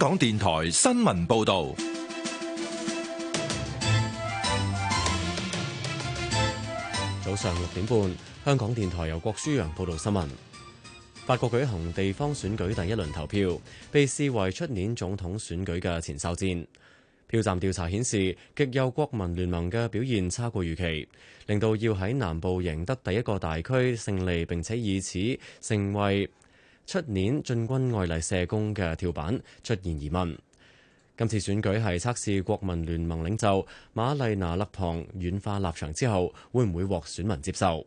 香港電台新聞報道，早上六點半，香港電台由郭書陽報道新聞。法國舉行地方選舉第一輪投票，被視為出年總統選舉嘅前哨戰。票站調查顯示，極右國民聯盟嘅表現差過預期，令到要喺南部贏得第一個大區勝利，並且以此成為。出年進軍外嚟社工嘅跳板出現疑問。今次選舉係測試國民聯盟領袖瑪麗娜勒龐軟化立場之後，會唔會獲選民接受？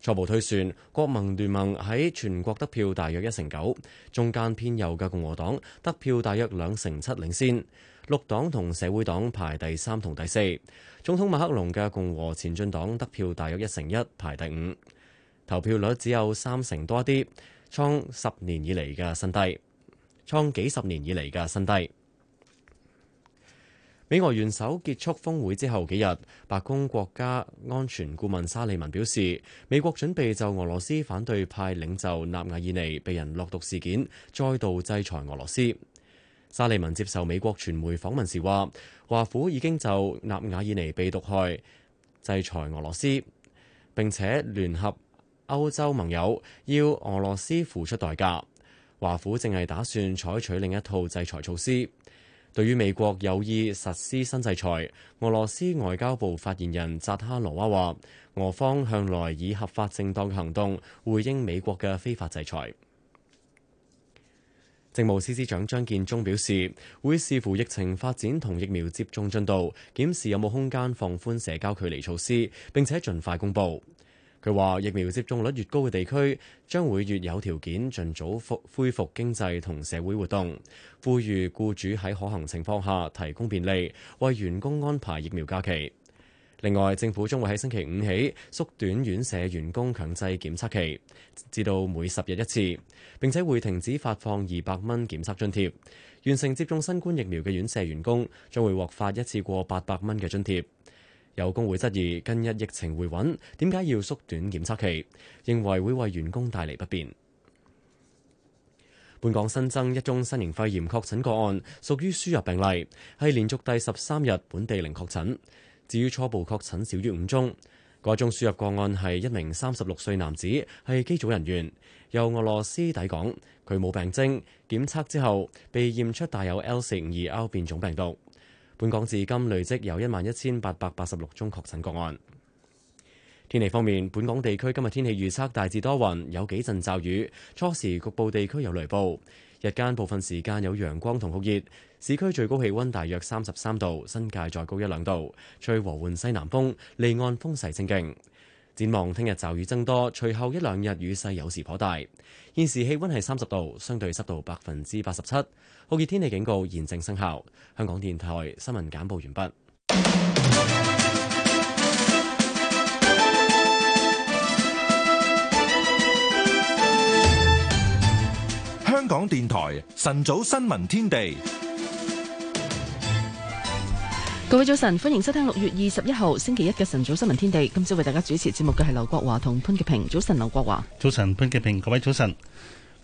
初步推算，國民聯盟喺全國得票大約一成九，中間偏右嘅共和黨得票大約兩成七，領先綠黨同社會黨排第三同第四。總統馬克龍嘅共和前進黨得票大約一成一，排第五。投票率只有三成多啲。創十年以嚟嘅新低，創幾十年以嚟嘅新低。美俄元首結束峰會之後幾日，白宮國家安全顧問沙利文表示，美國準備就俄羅斯反對派領袖納瓦爾尼被人落毒事件，再度制裁俄羅斯。沙利文接受美國傳媒訪問時話，華府已經就納瓦爾尼被毒害制裁俄羅斯，並且聯合歐洲盟友要俄羅斯付出代價，華府正係打算採取另一套制裁措施。對於美國有意實施新制裁，俄羅斯外交部發言人扎哈羅娃話：俄方向來以合法正當嘅行動回應美國嘅非法制裁。政務司司長張建宗表示，會視乎疫情發展同疫苗接種進度，檢視有冇空間放寬社交距離措施，並且盡快公佈。佢話：疫苗接種率越高嘅地區，將會越有條件盡早復恢復經濟同社會活動。呼籲僱主喺可行情況下提供便利，為員工安排疫苗假期。另外，政府將會喺星期五起縮短院舍員工強制檢測期，至到每十日一次。並且會停止發放二百蚊檢測津貼。完成接種新冠疫苗嘅院舍員工，將會獲發一次過八百蚊嘅津貼。有工會質疑，近日疫情回穩，點解要縮短檢測期？認為會為員工帶嚟不便。本港新增一宗新型肺炎確診個案，屬於輸入病例，係連續第十三日本地零確診。至於初步確診少於五宗，該宗輸入個案係一名三十六歲男子，係機組人員，由俄羅斯抵港，佢冇病徵，檢測之後被驗出帶有 L 四五二 R 變種病毒。本港至今累積有一萬一千八百八十六宗確診個案。天氣方面，本港地區今日天氣預測大致多雲，有幾陣驟雨，初時局部地區有雷暴，日間部分時間有陽光同酷熱。市區最高氣溫大約三十三度，新界再高一兩度。吹和緩西南風，離岸風勢正勁。展望聽日驟雨增多，隨後一兩日雨勢有時頗大。現時氣溫係三十度，相對濕度百分之八十七。好熱天氣警告現正生效。香港電台新聞簡報完畢。香港電台晨早新聞天地。各位早晨，歡迎收聽六月二十一號星期一嘅晨早新聞天地。今朝為大家主持節目嘅係劉國華同潘潔平。早晨，劉國華。早晨，潘潔平。各位早晨。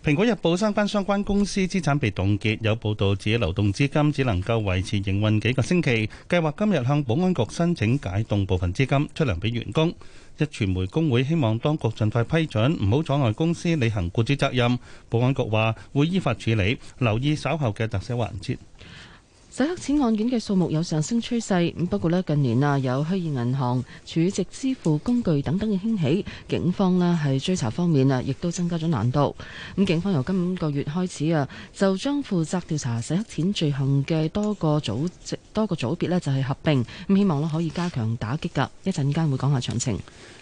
蘋果日報三間相關公司資產被凍結，有報道指流動資金只能夠維持營運幾個星期，計劃今日向保安局申請解凍部分資金，出糧俾員工。一傳媒工會希望當局盡快批准，唔好阻礙公司履行僱主責任。保安局話會依法處理，留意稍後嘅特寫環節。洗黑錢案件嘅數目有上升趨勢，咁不過呢，近年啊有虛擬銀行、儲值支付工具等等嘅興起，警方呢喺追查方面啊，亦都增加咗難度。咁警方由今個月開始啊，就將負責調查洗黑錢罪行嘅多個組織、多個組別呢，就係合併，咁希望呢可以加強打擊㗎。一陣間會講下詳情。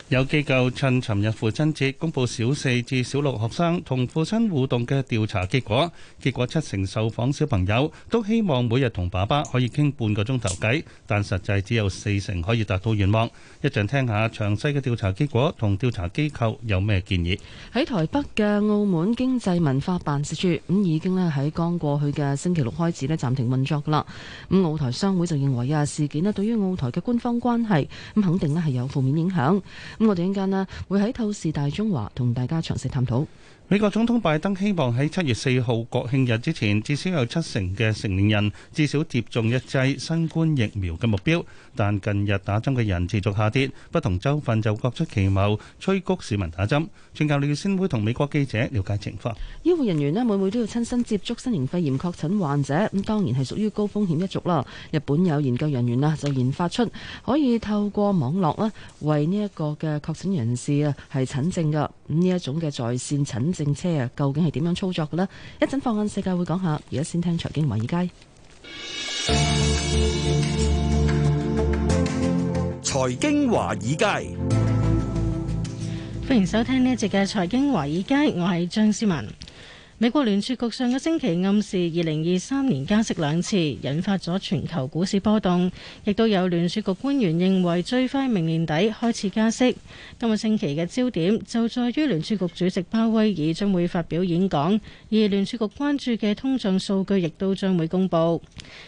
有機構趁尋日父親節公佈小四至小六學生同父親互動嘅調查結果，結果七成受訪小朋友都希望每日同爸爸可以傾半個鐘頭偈，但實際只有四成可以達到願望。一陣聽下詳細嘅調查結果同調查機構有咩建議。喺台北嘅澳門經濟文化辦事處咁已經咧喺剛過去嘅星期六開始咧暫停運作㗎啦。咁澳台商會就認為啊事件咧對於澳台嘅官方關係咁肯定咧係有負面影響。咁我哋一陣間呢會喺《透視大中華》同大家詳細探討。美國總統拜登希望喺七月四號國慶日之前，至少有七成嘅成年人至少接種一劑新冠疫苗嘅目標，但近日打針嘅人持續下跌，不同州份就各出奇謀，催谷市民打針。請教你先會同美國記者了解情況。醫護人員咧每每都要親身接觸新型肺炎確診患者，咁當然係屬於高風險一族啦。日本有研究人員啊就研發出可以透過網絡咧為呢一個嘅確診人士啊係診症嘅，咁呢一種嘅在綫診症車啊究竟係點樣操作嘅呢？一陣放眼世界會講下，而家先聽財經華爾街。財經華爾街。歡迎收聽呢一節嘅財經華爾街，我係張思文。美國聯儲局上個星期暗示二零二三年加息兩次，引發咗全球股市波動，亦都有聯儲局官員認為最快明年底開始加息。今個星期嘅焦點就在於聯儲局主席鮑威爾將會發表演講，而聯儲局關注嘅通脹數據亦都將會公布。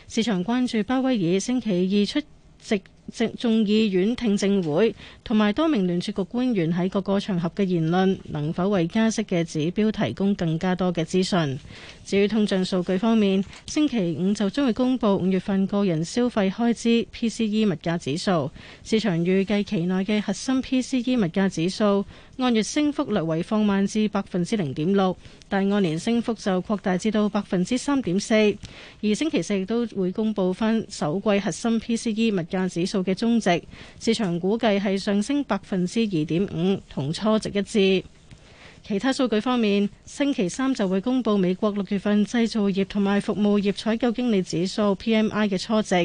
市場關注鮑威爾星期二出席眾議院聽證會同埋多名聯儲局官員喺各個場合嘅言論，能否為加息嘅指標提供更加多嘅資訊？至於通脹數據方面，星期五就將會公布五月份個人消費開支 PCE 物價指數，市場預計期內嘅核心 PCE 物價指數按月升幅略為放慢至百分之零點六，但按年升幅就擴大至到百分之三點四。而星期四亦都會公布返首季核心 PCE 物價指數。嘅終值，市場估計係上升百分之二點五，同初值一致。其他數據方面，星期三就會公布美國六月份製造業同埋服務業採購經理指數 PMI 嘅初值，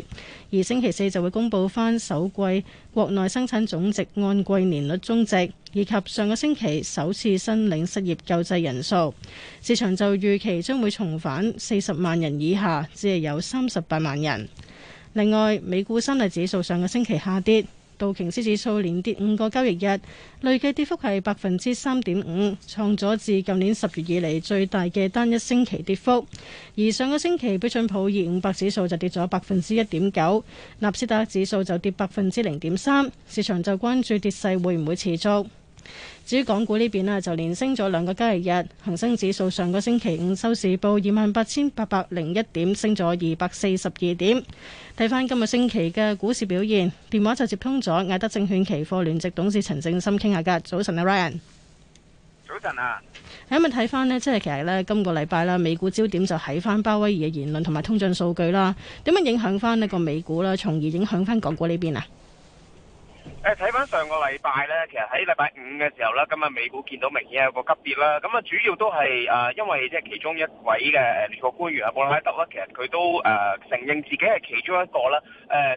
而星期四就會公布翻首季國內生產總值按季年率終值，以及上個星期首次申領失業救濟人數。市場就預期將會重返四十萬人以下，只係有三十八萬人。另外，美股三大指數上個星期下跌，道瓊斯指數連跌五個交易日，累計跌幅係百分之三點五，創咗自舊年十月以嚟最大嘅單一星期跌幅。而上個星期標準普爾五百指數就跌咗百分之一點九，納斯達克指數就跌百分之零點三，市場就關注跌勢會唔會持續。至於港股呢邊咧，就連升咗兩個交易日，日，恒生指數上個星期五收市報二萬八千八百零一點，升咗二百四十二點。睇翻今個星期嘅股市表現，電話就接通咗艾德證券期貨聯席董事陳正深傾下噶。早晨啊，Ryan。早晨啊。咁啊，睇翻、嗯、呢？即係其實呢，今、今個禮拜啦，美股焦點就喺翻鮑威爾嘅言論同埋通脹數據啦，點樣影響翻呢個美股啦，從而影響翻港股呢邊啊？誒，睇翻上個禮拜咧，其實喺禮拜五嘅時候咧，咁啊美股見到明顯有個急跌啦。咁啊，主要都係誒，因為即係其中一位嘅誒聯儲官員阿布拉德啦，其實佢都誒承認自己係其中一個啦。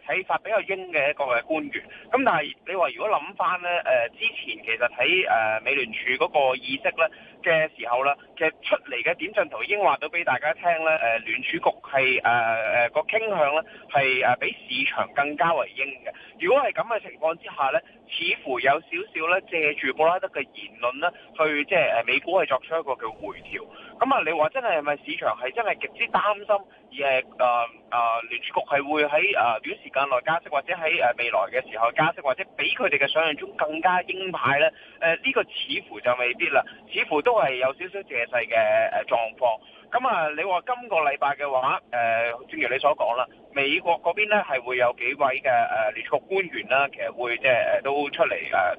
誒，睇法比較鷹嘅一個嘅官員。咁但係你話如果諗翻咧，誒之前其實喺誒美聯儲嗰個議息咧嘅時候咧，其實出嚟嘅點陣圖已經話到俾大家聽咧，誒聯儲局係誒誒個傾向咧係誒比市場更加為鷹嘅。如果係咁嘅情況之下，下咧，似乎有少少咧借住布拉德嘅言論咧，即去即係誒美股係作出一個叫回調。咁啊，你話真係咪市場係真係極之擔心而，而係誒誒聯儲局係會喺誒短時間內加息，或者喺誒未來嘅時候加息，或者比佢哋嘅想象中更加鷹派咧？誒、呃、呢、這個似乎就未必啦，似乎都係有少少借勢嘅誒狀況。咁、呃、啊，你話今個禮拜嘅話誒正如你所講啦，美國嗰邊咧係會有幾位嘅誒聯儲局官員啦，其實會即係誒都出嚟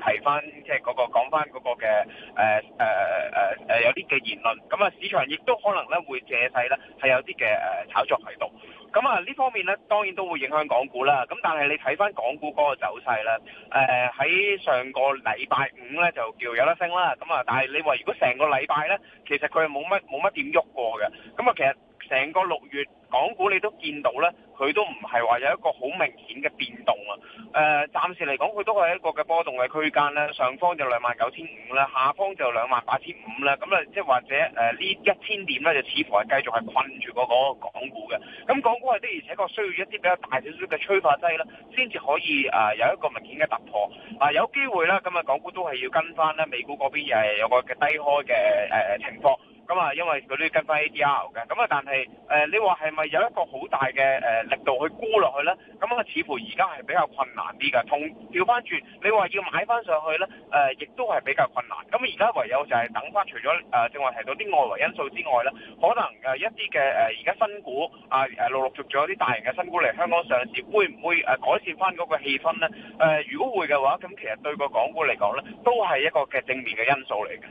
誒提翻即係嗰個講翻嗰個嘅誒誒誒誒有啲嘅言論咁啊，亦都可能咧會借勢咧係有啲嘅誒炒作喺度，咁啊呢方面咧當然都會影響港股啦。咁但係你睇翻港股嗰個走勢啦，誒喺上個禮拜五咧就叫有得升啦。咁啊，但係你話如果成個禮拜咧，其實佢係冇乜冇乜點喐過嘅。咁啊，其實成個六月。港股你都見到咧，佢都唔係話有一個好明顯嘅變動啊。誒、呃，暫時嚟講，佢都係一個嘅波動嘅區間咧，上方就兩萬九千五啦，下方就兩萬八千五啦。咁、嗯、啊，即係或者誒、呃、呢一千點咧，就似乎係繼續係困住嗰個港股嘅。咁、嗯、港股係的而且確需要一啲比較大少少嘅催化劑啦，先至可以誒、呃、有一個明顯嘅突破。啊、呃，有機會啦，咁啊，港股都係要跟翻咧，美股嗰邊又係有個嘅低開嘅誒、呃、情況。咁啊、嗯，因為佢都要跟翻 ADR 嘅，咁、嗯、啊，但係誒、呃，你話係咪有一個好大嘅誒、呃、力度去沽落去咧？咁、嗯、啊，似乎而家係比較困難啲嘅。同調翻轉，你話要買翻上去咧，誒、呃，亦都係比較困難。咁而家唯有就係等翻，除咗誒正話提到啲外圍因素之外咧，可能誒一啲嘅誒而家新股啊，誒、呃、陸陸續續有啲大型嘅新股嚟香港上市，會唔會誒改善翻嗰個氣氛咧？誒、呃，如果會嘅話，咁其實對個港股嚟講咧，都係一個嘅正面嘅因素嚟嘅。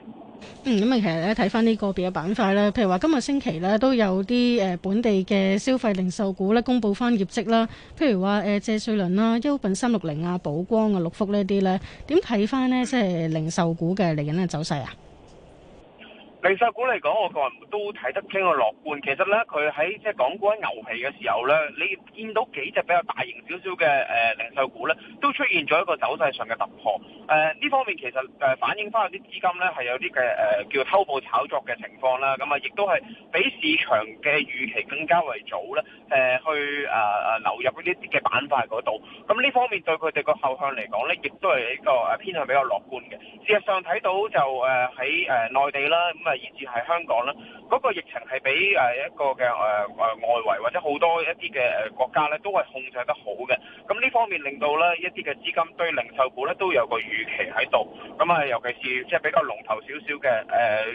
嗯，咁啊，其實咧睇翻呢，看看個別嘅板塊啦，譬如話今日星期咧都有啲誒、呃、本地嘅消費零售股咧公布翻業績啦。譬如話誒謝瑞麟啦、優品三六零啊、寶光啊、六福呢啲咧，點睇翻呢？即係零售股嘅嚟緊嘅走勢啊？零售股嚟講，我個人都睇得比較樂觀。其實咧，佢喺即係港股喺牛皮嘅時候咧，你見到幾隻比較大型少少嘅誒，零售股咧都出現咗一個走勢上嘅突破。誒、呃，呢方面其實誒反映翻有啲資金咧係有啲嘅誒叫偷步炒作嘅情況啦。咁啊，亦都係比市場嘅預期更加為早咧。誒、呃，去誒誒、呃、流入嗰啲嘅板塊嗰度。咁呢方面對佢哋個後向嚟講咧，亦都係一個誒偏向比較樂觀嘅。事實上睇到就誒喺誒內地啦。呃嗯以至係香港啦，嗰、嗰個疫情係比誒一個嘅誒誒外圍或者好多一啲嘅誒國家咧，都係控制得好嘅。方面令到咧一啲嘅資金對零售股咧都有個預期喺度，咁啊，尤其是即係比較龍頭少少嘅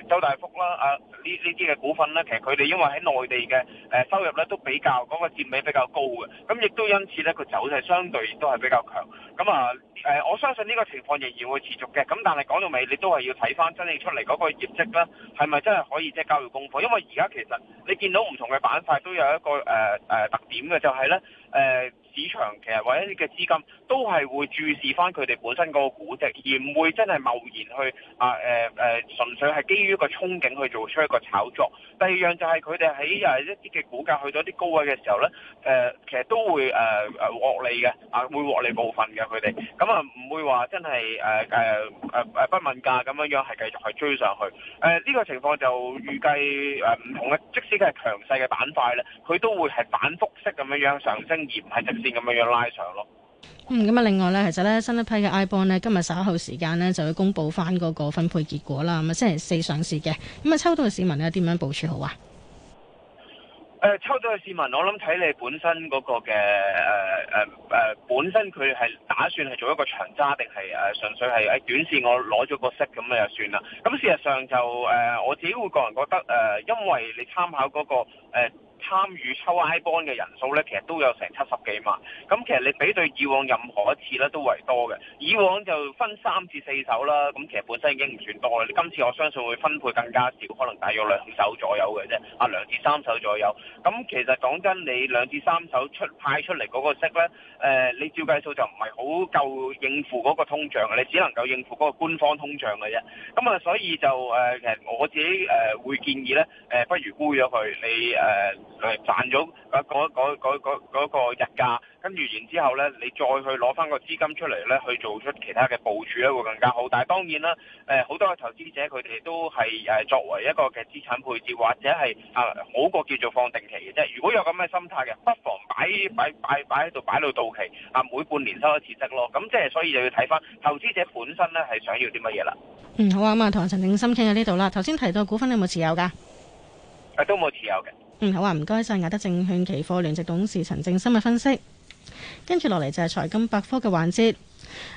誒周大福啦，啊呢呢啲嘅股份咧，其實佢哋因為喺內地嘅誒收入咧都比較嗰、嗰個佔比比較高嘅，咁亦都因此咧佢走勢相對都係比較強。咁啊誒、呃，我相信呢個情況仍然會持續嘅。咁但係講到尾，你都係要睇返真正出嚟嗰個業績啦，係咪真係可以即係、就係、交易功課？因為而家其實你見到唔同嘅板塊都有一個誒誒、呃、特點嘅、就係，就係咧誒。市場其實或者啲嘅資金都係會注視返佢哋本身嗰個估值，而唔會真係貿然去啊誒誒，純粹係基於一個憧憬去做出一個炒作。第二樣就係佢哋喺啊一啲嘅股價去到啲高位嘅時候咧，誒其實都會誒誒獲利嘅，啊會獲利部分嘅佢哋，咁啊唔會話真係誒誒誒誒不問價咁樣樣係繼續去追上去。誒呢個情況就預計誒唔同嘅，即使佢係強勢嘅板塊咧，佢都會係反覆式咁樣樣上升，而唔係直。啲咁樣樣拉長咯。嗯，咁啊，另外咧，其實咧，新一批嘅 iBond 咧，今日稍後時間咧就會公佈返嗰個分配結果啦。咁啊，星期四上市嘅，咁啊，抽到嘅市民咧，點樣部署好啊？誒、呃，抽到嘅市民，我諗睇你本身嗰個嘅誒誒誒，本身佢係打算係做一個長揸，定係誒純粹係誒短線，我攞咗個息 e t 咁啊，就算啦。咁事實上就誒、呃，我自己會個人覺得誒、呃，因為你參考嗰、嗰個、呃參與抽 iBond 嘅人數呢，其實都有成七十幾萬。咁其實你比對以往任何一次咧都為多嘅。以往就分三至四手啦，咁其實本身已經唔算多啦。你今次我相信會分配更加少，可能大約兩手左右嘅啫，啊兩至三手左右。咁其實講真，你兩至三手出派出嚟嗰個息呢，誒、呃、你照計數就唔係好夠應付嗰個通脹嘅，你只能夠應付嗰個官方通脹嘅啫。咁啊，所以就誒、呃、其實我自己誒、呃、會建議呢，誒、呃、不如沽咗佢，你誒，呃誒賺咗嗰嗰個日價，跟住然之後呢，你再去攞翻個資金出嚟呢，去做出其他嘅部署咧，會更加好。但係當然啦，誒好多嘅投資者佢哋都係誒作為一個嘅資產配置，或者係啊好過叫做放定期嘅。即係如果有咁嘅心態嘅，不妨擺擺擺擺喺度擺擺到到期，啊每半年收一次息咯。咁即係所以就要睇翻投資者本身呢，係想要啲乜嘢啦。嗯好啊，咁啊同陳定心傾喺呢度啦。頭先提到股份有冇持有噶？都冇持有嘅。好啊！唔該曬，亞德證券期貨聯席董事陳正深嘅分析。跟住落嚟就係財金百科嘅環節。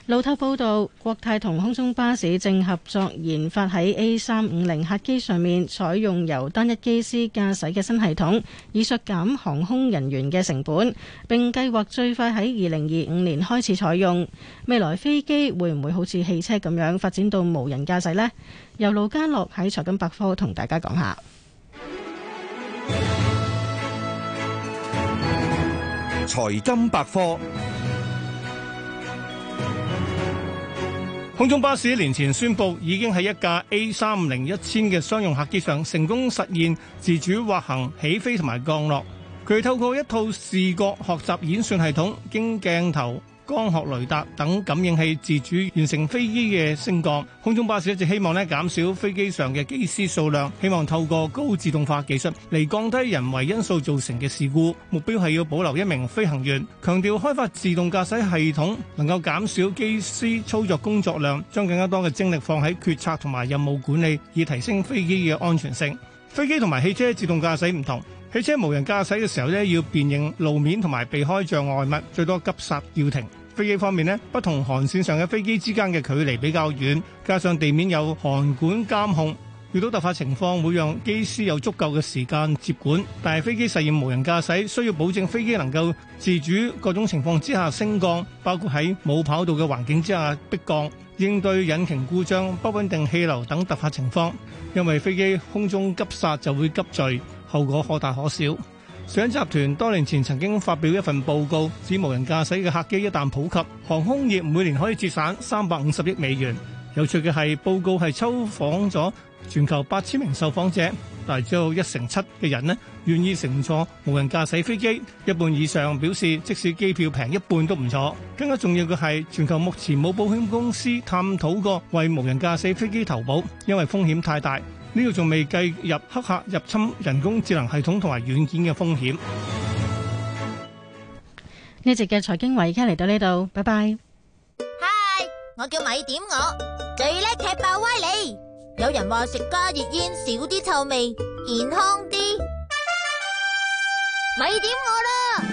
路透報道，國泰同空中巴士正合作研發喺 A 三五零客機上面採用由單一機師駕駛嘅新系統，以削減航空人員嘅成本。並計劃最快喺二零二五年開始採用。未來飛機會唔會好似汽車咁樣發展到無人駕駛呢？由盧嘉樂喺財金百科同大家講下。財金百科，空中巴士一年前宣佈，已經喺一架 A 三五零一千嘅商用客機上成功實現自主滑行、起飛同埋降落。佢透過一套視覺學習演算系統，經鏡頭。光學雷達等感應器自主完成飛機嘅升降。空中巴士一直希望咧，減少飛機上嘅機師數量，希望透過高自動化技術，嚟降低人為因素造成嘅事故。目標係要保留一名飛行員，強調開發自動駕駛系統，能夠減少機師操作工作量，將更加多嘅精力放喺決策同埋任務管理，以提升飛機嘅安全性。飛機同埋汽車自動駕駛唔同。汽車無人駕駛嘅時候咧，要辨認路面同埋避開障礙物，最多急剎要停。飛機方面咧，不同航線上嘅飛機之間嘅距離比較遠，加上地面有航管監控，遇到突發情況會讓機師有足夠嘅時間接管。但係飛機實現無人駕駛，需要保證飛機能夠自主各種情況之下升降，包括喺冇跑道嘅環境之下逼降，應對引擎故障、不穩定氣流等突發情況。因為飛機空中急剎就會急墜。後果可大可小。上集團多年前曾經發表一份報告，指無人駕駛嘅客機一旦普及，航空業每年可以節省三百五十億美元。有趣嘅係，報告係抽訪咗全球八千名受訪者，但係只有一成七嘅人呢願意乘坐無人駕駛飛機，一半以上表示即使機票平一半都唔坐。更加重要嘅係，全球目前冇保險公司探討過為無人駕駛飛機投保，因為風險太大。呢度仲未計入黑客入侵、人工智能系統同埋軟件嘅風險。呢集嘅財經圍，而家嚟到呢度，拜拜。嗨，我叫米點，我最叻踢爆威利。有人話食加熱煙少啲臭味，健康啲。米點我啦，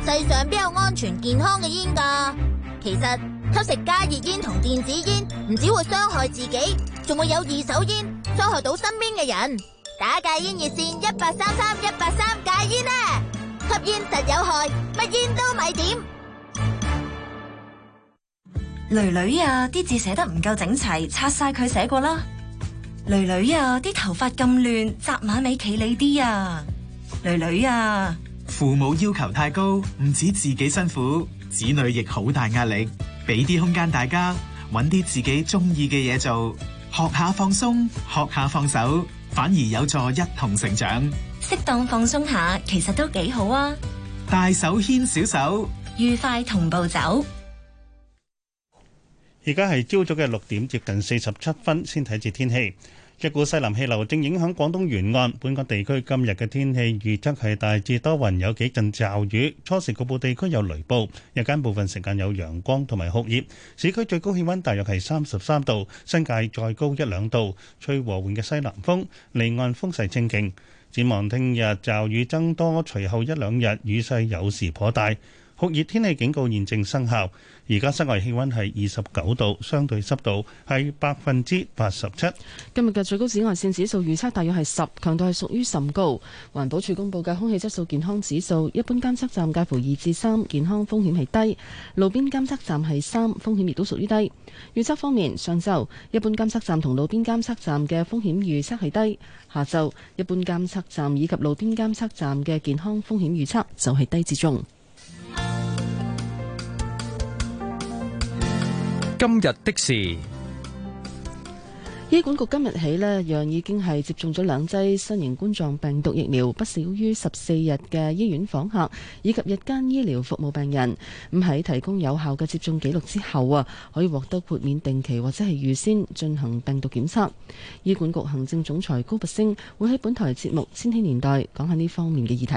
世上邊有安全健康嘅煙噶？其實。吸食加熱煙同電子煙唔止會傷害自己，仲會有二手煙，傷害到身邊嘅人。打戒煙熱線一八三三一八三戒煙啊！吸煙實有害，乜煙都咪點。囡囡啊，啲字寫得唔夠整齊，擦晒佢寫過啦。囡囡啊，啲頭髮咁亂，紮馬尾企理啲啊。囡囡啊，父母要求太高，唔止自己辛苦，子女亦好大壓力。俾啲空間大家，揾啲自己中意嘅嘢做，學下放鬆，學下放手，反而有助一同成長。適當放鬆下，其實都幾好啊！大手牽小手，愉快同步走。而家係朝早嘅六點接近四十七分，先睇住天氣。一股西南氣流正影響廣東沿岸，本港地區今日嘅天氣預測係大致多雲，有幾陣驟雨，初時局部地區有雷暴，日間部分時間有陽光同埋酷熱，市區最高氣溫大約係三十三度，新界再高一兩度，吹和緩嘅西南風，離岸風勢清勁，展望聽日驟雨增多，隨後一兩日雨勢有時頗大，酷熱天氣警告現正生效。而家室外氣溫係二十九度，相對濕度係百分之八十七。今日嘅最高紫外線指數預測大約係十，強度係屬於甚高。環保署公布嘅空氣質素健康指數，一般監測站介乎二至三，健康風險係低，路邊監測站係三，風險亦都屬於低。預測方面，上晝一般監測站同路邊監測站嘅風險預測係低，下晝一般監測站以及路邊監測站嘅健康風險預測就係低至中。今日的事，醫管局今日起呢，讓已經係接種咗兩劑新型冠狀病毒疫苗不少於十四日嘅醫院訪客以及日間醫療服務病人，咁喺提供有效嘅接種記錄之後啊，可以獲得豁免定期或者係預先進行病毒檢測。醫管局行政總裁高拔陞會喺本台節目《千禧年代》講下呢方面嘅議題。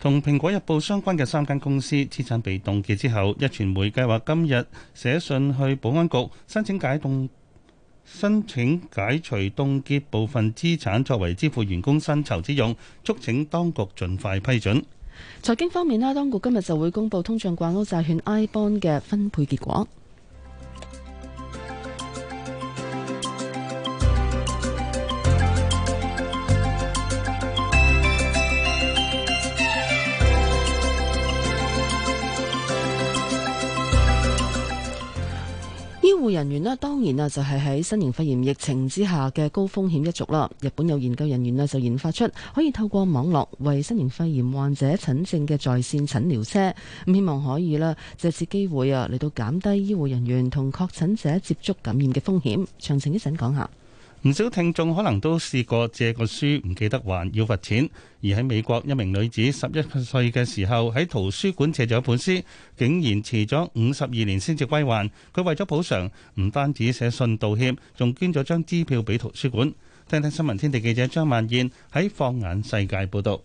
同《蘋果日報》相關嘅三間公司資產被凍結之後，一傳媒計劃今日寫信去保安局申請解凍，申請解除凍結部分資產作為支付員工薪酬之用，促請當局盡快批准。財經方面啦，當局今日就會公布通脹掛鈎債券 iBond 嘅分配結果。醫護人員咧，當然啊，就係喺新型肺炎疫情之下嘅高風險一族啦。日本有研究人員咧，就研發出可以透過網絡為新型肺炎患者診症嘅在綫診療車，咁希望可以啦，借此機會啊嚟到減低醫護人員同確診者接觸感染嘅風險。詳情一陣講下。唔少聽眾可能都試過借個書唔記得還要罰錢，而喺美國一名女子十一歲嘅時候喺圖書館借咗一本書，竟然遲咗五十二年先至歸還。佢為咗補償，唔單止寫信道歉，仲捐咗張支票俾圖書館。聽聽新聞天地記者張萬燕喺放眼世界報道。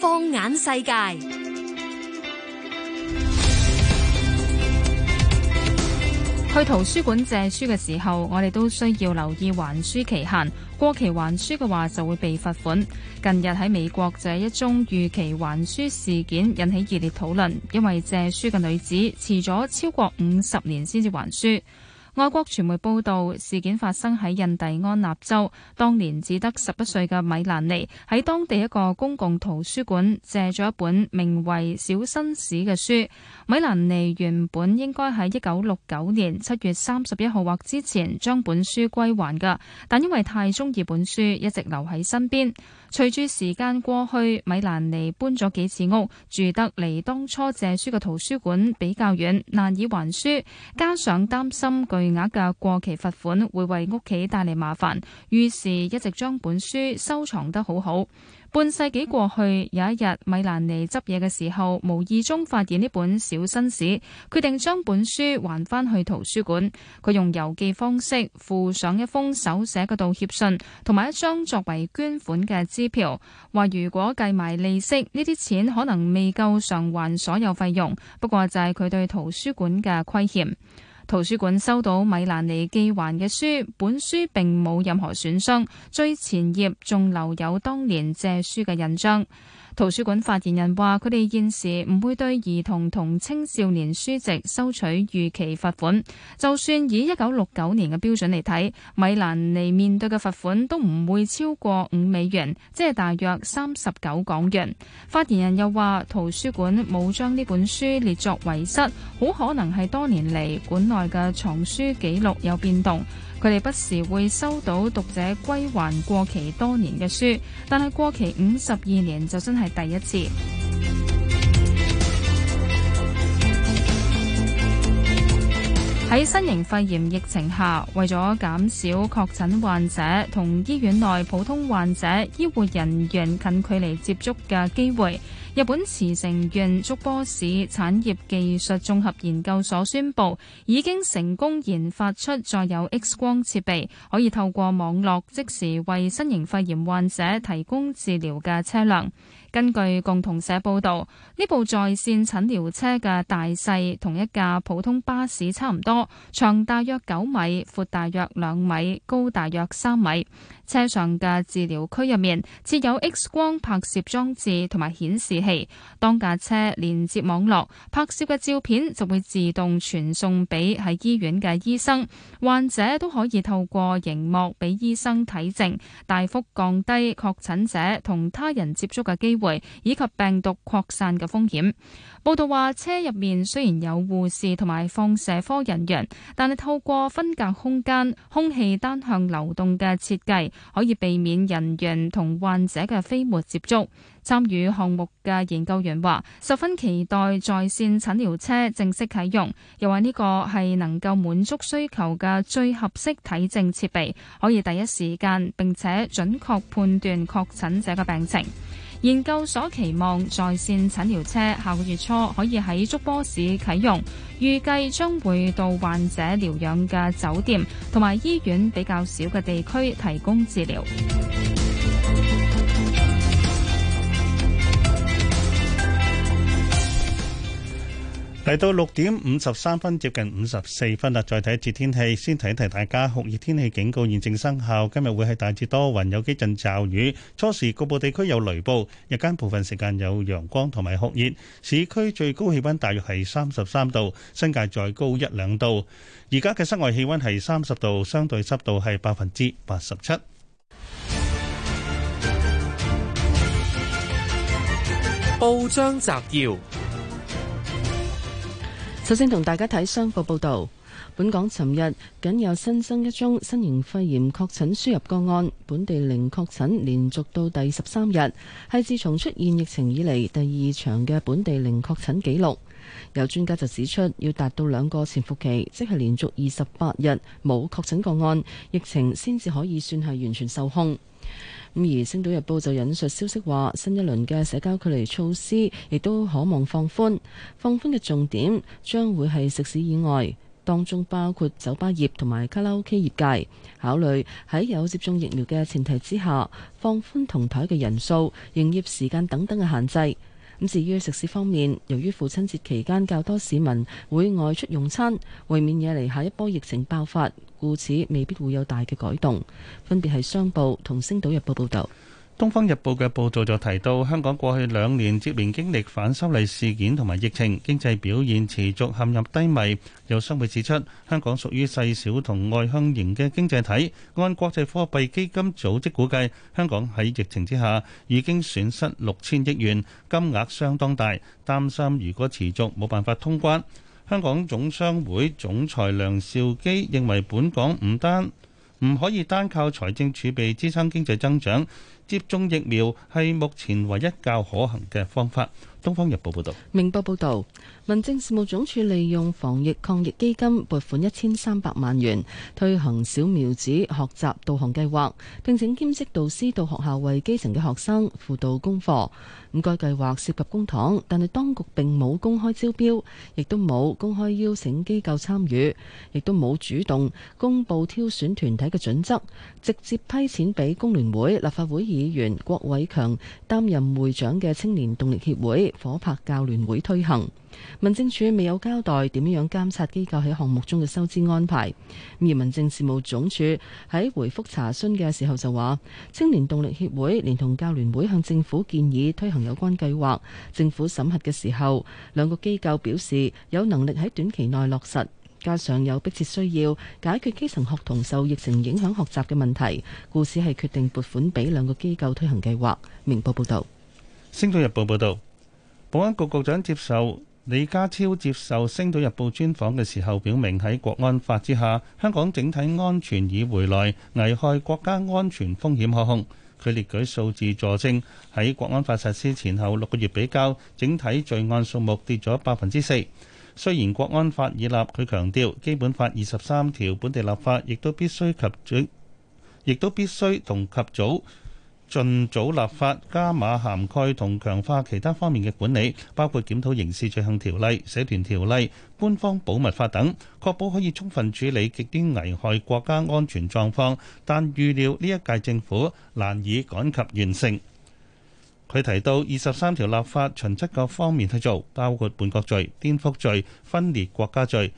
放眼世界。報導放眼世界。去圖書館借書嘅時候，我哋都需要留意還書期限。過期還書嘅話，就會被罰款。近日喺美國，就有一宗逾期還書事件引起熱烈討論，因為借書嘅女子遲咗超過五十年先至還書。外國傳媒報道，事件發生喺印第安納州。當年只得十一歲嘅米蘭妮喺當地一個公共圖書館借咗一本名為《小紳士》嘅書。米蘭妮原本應該喺一九六九年七月三十一號或之前將本書歸還嘅，但因為太中意本書，一直留喺身邊。隨住時間過去，米蘭尼搬咗幾次屋，住得離當初借書嘅圖書館比較遠，難以還書。加上擔心巨額嘅過期罰款會為屋企帶嚟麻煩，於是一直將本書收藏得好好。半世紀過去，有一日，米蘭尼執嘢嘅時候，無意中發現呢本小紳士，決定將本書還返去圖書館。佢用郵寄方式附上一封手寫嘅道歉信，同埋一張作為捐款嘅支票，話如果計埋利息，呢啲錢可能未夠償還所有費用。不過就係佢對圖書館嘅虧欠。圖書館收到米蘭尼寄還嘅書，本書並冇任何損傷，最前頁仲留有當年借書嘅印章。圖書館發言人話：佢哋現時唔會對兒童同青少年書籍收取逾期罰款，就算以一九六九年嘅標準嚟睇，米蘭尼面對嘅罰款都唔會超過五美元，即係大約三十九港元。發言人又話：圖書館冇將呢本書列作遺失，好可能係多年嚟館內嘅藏書記錄有變動。佢哋不時會收到讀者歸還過期多年嘅書，但係過期五十二年就真係第一次。喺 新型肺炎疫情下，為咗減少確診患者同醫院內普通患者醫護人員近距離接觸嘅機會。日本茨城縣築波市產業技術綜合研究所宣布，已經成功研發出載有 X 光設備，可以透過網絡即時為新型肺炎患者提供治療嘅車輛。根據共同社報道，呢部在線診療車嘅大細同一架普通巴士差唔多，長大約九米，闊大約兩米，高大約三米。車上嘅治療區入面設有 X 光拍攝裝置同埋顯示器，當架車連接網絡，拍攝嘅照片就會自動傳送俾喺醫院嘅醫生，患者都可以透過熒幕俾醫生睇症，大幅降低確診者同他人接觸嘅機會。以及病毒擴散嘅風險。報道話，車入面雖然有護士同埋放射科人員，但係透過分隔空間、空氣單向流動嘅設計，可以避免人員同患者嘅飛沫接觸。參與項目嘅研究員話，十分期待在線診療車正式啟用，又話呢個係能夠滿足需求嘅最合適體證設備，可以第一時間並且準確判斷確診者嘅病情。研究所期望，在線診療車下個月初可以喺筑波市啟用，預計將會到患者療養嘅酒店同埋醫院比較少嘅地區提供治療。嚟到六點五十三分，接近五十四分啦。再睇一節天氣，先提一提大家。酷熱天氣警告現正生效。今日會係大致多雲，有幾陣驟雨。初時局部地區有雷暴，日間部分時間有陽光同埋酷熱。市區最高氣温大約係三十三度，新界再高一兩度。而家嘅室外氣温係三十度，相對濕度係百分之八十七。報章摘要。首先同大家睇商報報道，本港尋日僅有新增一宗新型肺炎確診輸入個案，本地零確診連續到第十三日，係自從出現疫情以嚟第二長嘅本地零確診紀錄。有專家就指出，要達到兩個潛伏期，即係連續二十八日冇確診個案，疫情先至可以算係完全受控。咁而《星島日報》就引述消息話，新一輪嘅社交距離措施亦都可望放寬，放寬嘅重點將會係食肆以外，當中包括酒吧業同埋卡拉 OK 業界，考慮喺有接種疫苗嘅前提之下，放寬同枱嘅人數、營業時間等等嘅限制。咁至於食肆方面，由於父親節期間較多市民會外出用餐，為免惹嚟下一波疫情爆發。故此未必會有大嘅改動。分別係商報同星島日報報導，《東方日報》嘅報道就提到，香港過去兩年接連經歷反修例事件同埋疫情，經濟表現持續陷入低迷。有商會指出，香港屬於細小同外向型嘅經濟體，按國際貨幣基金組織估計，香港喺疫情之下已經損失六千億元，金額相當大，擔心如果持續冇辦法通關。香港總商會總裁梁兆基認為，本港唔單唔可以單靠財政儲備支撐經濟增長，接種疫苗係目前唯一較可行嘅方法。《東方日報》報道，明報報道，民政事務總署利用防疫抗疫基金撥款一千三百萬元推行小苗子學習導航計劃，聘請兼職導師到學校為基層嘅學生輔導功課。咁該計劃涉及公帑，但係當局並冇公開招標，亦都冇公開邀請機構參與，亦都冇主動公布挑選團體嘅準則，直接批錢俾工聯會立法會議員郭偉強擔任會長嘅青年動力協會。火拍教聯會推行，民政處未有交代點樣樣監察機構喺項目中嘅收支安排。而民政事務總署喺回覆查詢嘅時候就話，青年動力協會連同教聯會向政府建議推行有關計劃，政府審核嘅時候，兩個機構表示有能力喺短期內落實，加上有迫切需要解決基層學童受疫情影響學習嘅問題，故此係決定撥款俾兩個機構推行計劃。明報報道，《星島日報》報道。保安局局長接受李家超接受《星島日報》專訪嘅時候，表明喺《國安法》之下，香港整體安全已回來，危害國家安全風險可控。佢列舉數字助證，喺《國安法》實施前後六個月比較，整體罪案數目跌咗百分之四。雖然《國安法》已立，佢強調《基本法》二十三條本地立法亦都必須及早，亦都必須同及早。盡早立法加碼涵蓋同強化其他方面嘅管理，包括檢討刑事罪行條例、社團條例、官方保密法等，確保可以充分處理極端危害國家安全狀況。但預料呢一屆政府難以趕及完成。佢提到二十三條立法循七個方面去做，包括叛國罪、顛覆罪、分裂國家罪。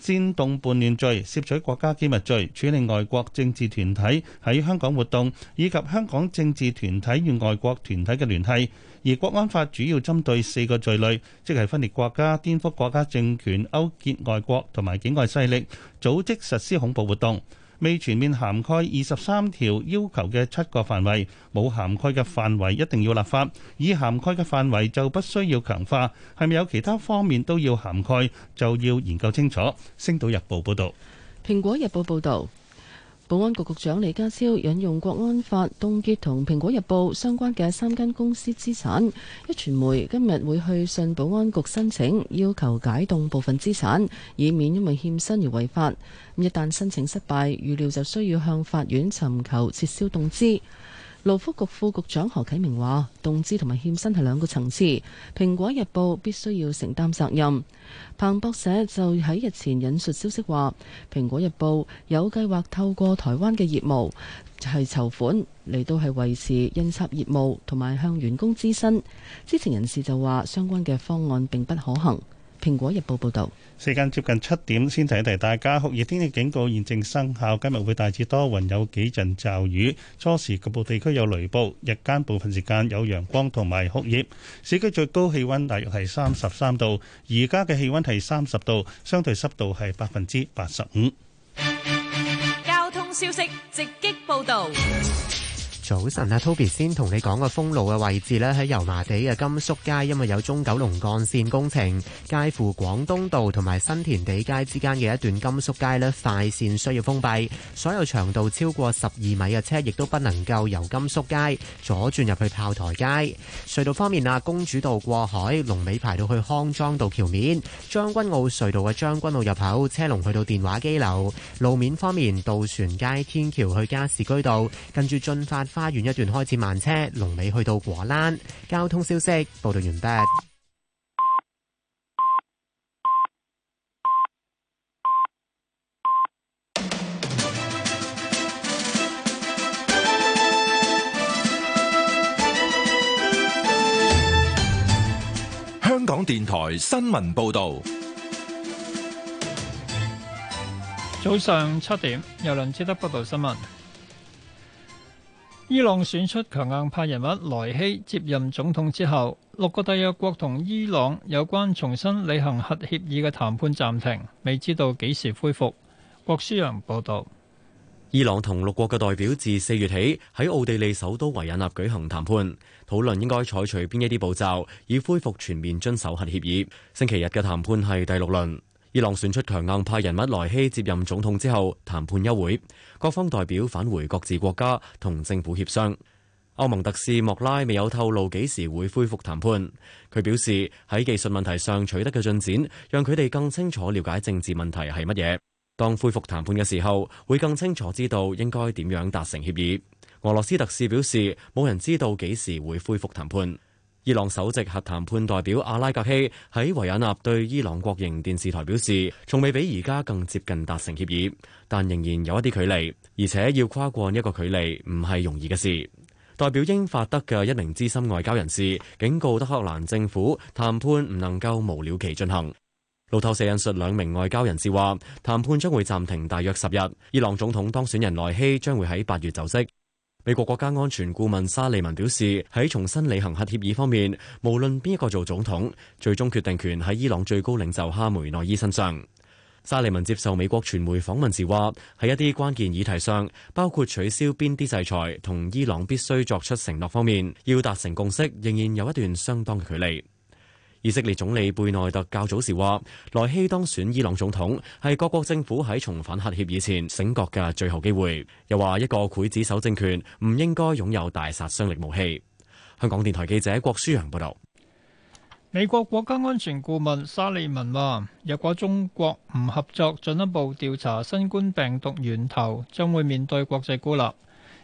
煽動叛亂罪、竊取國家機密罪、處理外國政治團體喺香港活動，以及香港政治團體與外國團體嘅聯繫，而國安法主要針對四個罪類，即係分裂國家、顛覆國家政權、勾結外國同埋境外勢力、組織實施恐怖活動。未全面涵蓋二十三條要求嘅七個範圍，冇涵蓋嘅範圍一定要立法；已涵蓋嘅範圍就不需要強化。係咪有其他方面都要涵蓋，就要研究清楚。星島日報報導，蘋果日報報導。保安局局長李家超引用國安法凍結同《蘋果日報》相關嘅三間公司資產，壹傳媒今日會去信保安局申請，要求解凍部分資產，以免因為欠薪而違法。一旦申請失敗，預料就需要向法院尋求撤銷凍資。勞福局副局長何啟明話，動資同埋欠薪係兩個層次。蘋果日報必須要承擔責任。彭博社就喺日前引述消息話，蘋果日報有計劃透過台灣嘅業務係籌、就是、款嚟到係維持印刷業務同埋向員工資薪。知情人士就話，相關嘅方案並不可行。蘋果日報報道，時間接近七點，先提一提大家，酷熱天氣警告現正生效，今日會大致多雲，有幾陣驟雨，初時局部地區有雷暴，日間部分時間有陽光同埋酷熱，市區最高氣溫大約係三十三度，而家嘅氣溫係三十度，相對濕度係百分之八十五。交通消息直擊報道。早晨啊，Toby 先同你講個封路嘅位置咧，喺油麻地嘅甘肅街，因為有中九龍幹線工程，介乎廣東道同埋新填地街之間嘅一段甘肅街咧，快線需要封閉，所有長度超過十二米嘅車亦都不能夠由甘肅街左轉入去炮台街。隧道方面啊，公主道過海龍尾排到去康莊道橋面，將軍澳隧道嘅將軍澳入口車龍去到電話機樓。路面方面，渡船街天橋去加士居道，跟住進發花園一段開始慢車，龍尾去到果欄。交通消息報道完畢。香港電台新聞報道，早上七點，尤倫斯德報道新聞。伊朗選出強硬派人物萊希接任總統之後，六個締約國同伊朗有關重新履行核協議嘅談判暫停，未知道幾時恢復。郭書陽報道。伊朗同六國嘅代表自四月起喺奧地利首都維也納舉行談判，討論應該採取邊一啲步驟，以恢復全面遵守核協議。星期日嘅談判係第六輪。伊朗選出強硬派人物萊希接任總統之後，談判休會，各方代表返回各自國家同政府協商。歐盟特使莫拉未有透露幾時會恢復談判。佢表示喺技術問題上取得嘅進展，讓佢哋更清楚了解政治問題係乜嘢。當恢復談判嘅時候，會更清楚知道應該點樣達成協議。俄羅斯特使表示，冇人知道幾時會恢復談判。伊朗首席核談判代表阿拉格希喺維也納對伊朗國營電視台表示，從未比而家更接近達成協議，但仍然有一啲距離，而且要跨過一個距離唔係容易嘅事。代表英法德嘅一名資深外交人士警告德克蘭政府，談判唔能夠無了期進行。路透社引述兩名外交人士話，談判將會暫停大約十日。伊朗總統當選人萊希將會喺八月就職。美國國家安全顧問沙利文表示，喺重新履行核協議方面，無論邊一個做總統，最終決定權喺伊朗最高領袖哈梅內伊身上。沙利文接受美國傳媒訪問時話，喺一啲關鍵議題上，包括取消邊啲制裁同伊朗必須作出承諾方面，要達成共識仍然有一段相當嘅距離。以色列總理貝內特較早時話，萊希當選伊朗總統係各國政府喺重返核協議前醒覺嘅最後機會。又話一個劊子手政權唔應該擁有大殺傷力武器。香港電台記者郭舒陽報道。美國國家安全顧問沙利文話，如果中國唔合作，進一步調查新冠病毒源頭，將會面對國際孤立。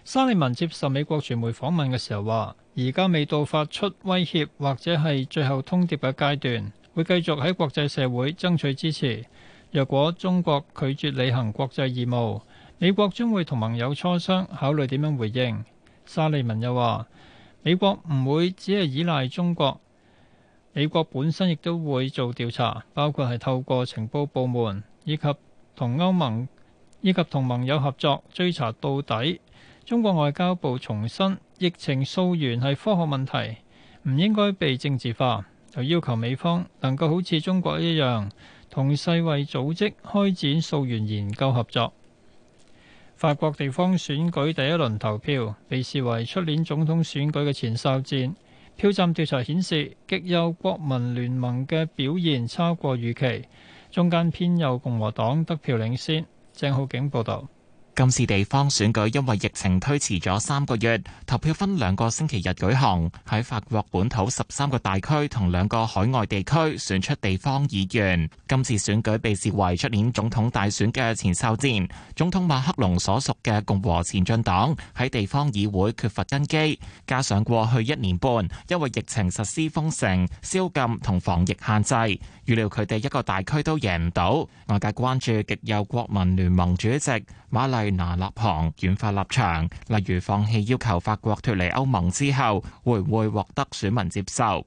沙利文接受美國傳媒訪問嘅時候話，而家未到發出威脅或者係最後通牒嘅階段，會繼續喺國際社會爭取支持。若果中國拒絕履行國際義務，美國將會同盟友磋商，考慮點樣回應。沙利文又話，美國唔會只係依賴中國，美國本身亦都會做調查，包括係透過情報部門以及同歐盟以及同盟友合作追查到底。中國外交部重申，疫情溯源係科學問題，唔應該被政治化，就要求美方能夠好似中國一樣，同世衛組織開展溯源研究合作。法國地方選舉第一輪投票被視為出年總統選舉嘅前哨戰，票站調查顯示，極右國民聯盟嘅表現超過預期，中間偏右共和黨得票領先。鄭浩景報導。今次地方選舉因為疫情推遲咗三個月，投票分兩個星期日舉行，喺法國本土十三個大區同兩個海外地區選出地方議員。今次選舉被視為出年總統大選嘅前哨戰。總統馬克龍所屬嘅共和前進黨喺地方議會缺乏根基，加上過去一年半因為疫情實施封城、宵禁同防疫限制，預料佢哋一個大區都贏唔到。外界關注極右國民聯盟主席馬麗拿立行軟化立場，例如放棄要求法國脫離歐盟之後，會唔會獲得選民接受？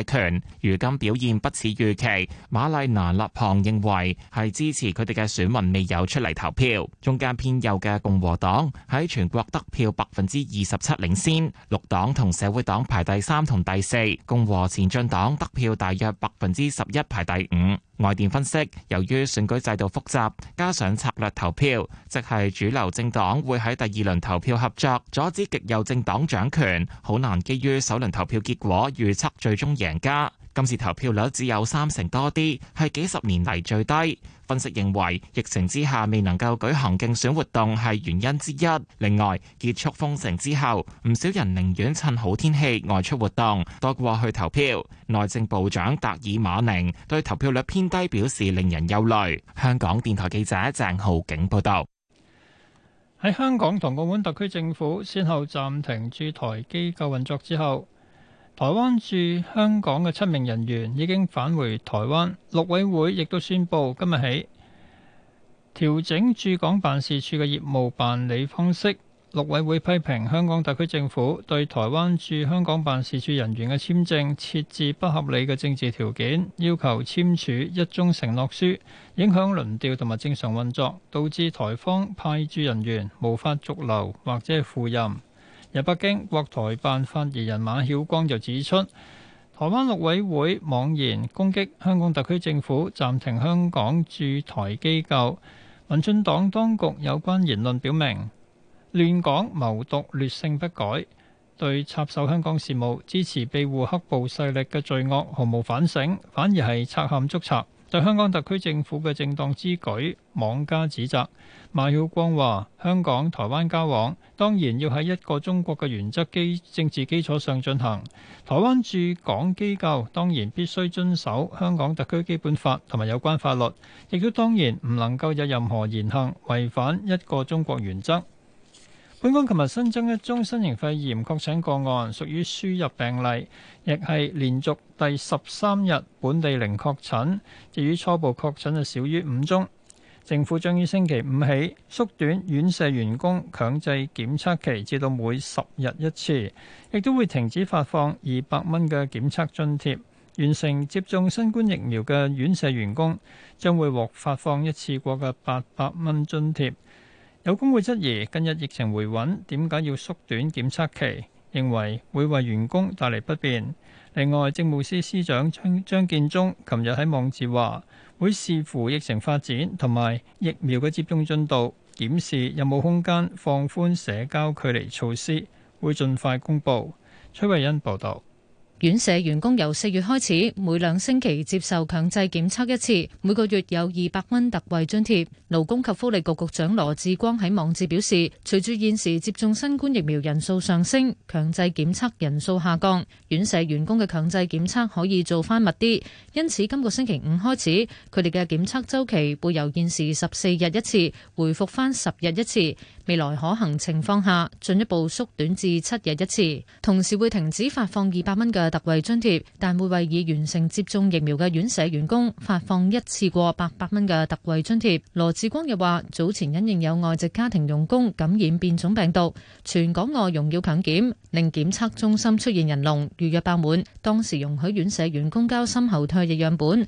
權如今表現不似預期，瑪麗娜勒龐認為係支持佢哋嘅選民未有出嚟投票。中間偏右嘅共和黨喺全國得票百分之二十七領先，綠黨同社會黨排第三同第四，共和前進黨得票大約百分之十一排第五。外電分析，由於選舉制度複雜，加上策略投票，即係主流政黨會喺第二輪投票合作，阻止極右政黨掌權，好難基於首輪投票結果預測最終贏家。今次投票率只有三成多啲，係幾十年嚟最低。分析認為，疫情之下未能夠舉行競選活動係原因之一。另外，結束封城之後，唔少人寧願趁好天氣外出活動，多過去投票。內政部長達爾馬寧對投票率偏低表示令人憂慮。香港電台記者鄭浩景報道：喺香港同澳門特區政府先後暫停駐台機構運作之後，台灣駐香港嘅七名人員已經返回台灣，陸委會亦都宣布今日起調整駐港辦事處嘅業務辦理方式。陸委會批評香港特區政府對台灣駐香港辦事處人員嘅簽證設置不合理嘅政治條件，要求簽署一中承諾書，影響輪調同埋正常運作，導致台方派駐人員無法續留或者係赴任。入北京，國台辦發言人馬曉光就指出，台灣陸委會妄言攻擊香港特區政府，暫停香港駐台機構，民進黨當局有關言論表明，亂港謀獨劣性不改，對插手香港事務、支持庇護黑暴勢力嘅罪惡毫無反省，反而係賊喊捉賊。對香港特區政府嘅正當之舉，妄加指責。馬曉光話：香港台灣交往當然要喺一個中國嘅原則基政治基礎上進行。台灣駐港機構當然必須遵守香港特區基本法同埋有關法律，亦都當然唔能夠有任何言行違反一個中國原則。本港琴日新增一宗新型肺炎確診個案，屬於輸入病例，亦係連續第十三日本地零確診。至於初步確診就少於五宗。政府將於星期五起縮短院舍員工強制檢測期，至到每十日一次，亦都會停止發放二百蚊嘅檢測津貼。完成接種新冠疫苗嘅院舍員工將會獲發放一次過嘅八百蚊津貼。有工會質疑，近日疫情回穩，點解要縮短檢測期？認為會為員工帶嚟不便。另外，政務司司長張建宗琴日喺網誌話，會視乎疫情發展同埋疫苗嘅接種進度，檢視有冇空間放寬社交距離措施，會盡快公布。崔慧欣報道。院舍員工由四月開始每兩星期接受強制檢測一次，每個月有二百蚊特惠津貼。勞工及福利局局長羅志光喺網誌表示，隨住現時接種新冠疫苗人數上升，強制檢測人數下降，院舍員工嘅強制檢測可以做翻密啲，因此今個星期五開始，佢哋嘅檢測周期會由現時十四日一次，回復翻十日一次。未來可行情況下，進一步縮短至七日一次，同時會停止發放二百蚊嘅特惠津貼，但會為已完成接種疫苗嘅院舍員工發放一次過八百蚊嘅特惠津貼。羅志光又話，早前因應有外籍家庭傭工感染變種病毒，全港外傭要強檢，令檢測中心出現人龍預約爆滿，當時容許院舍員工交深喉唾液樣本。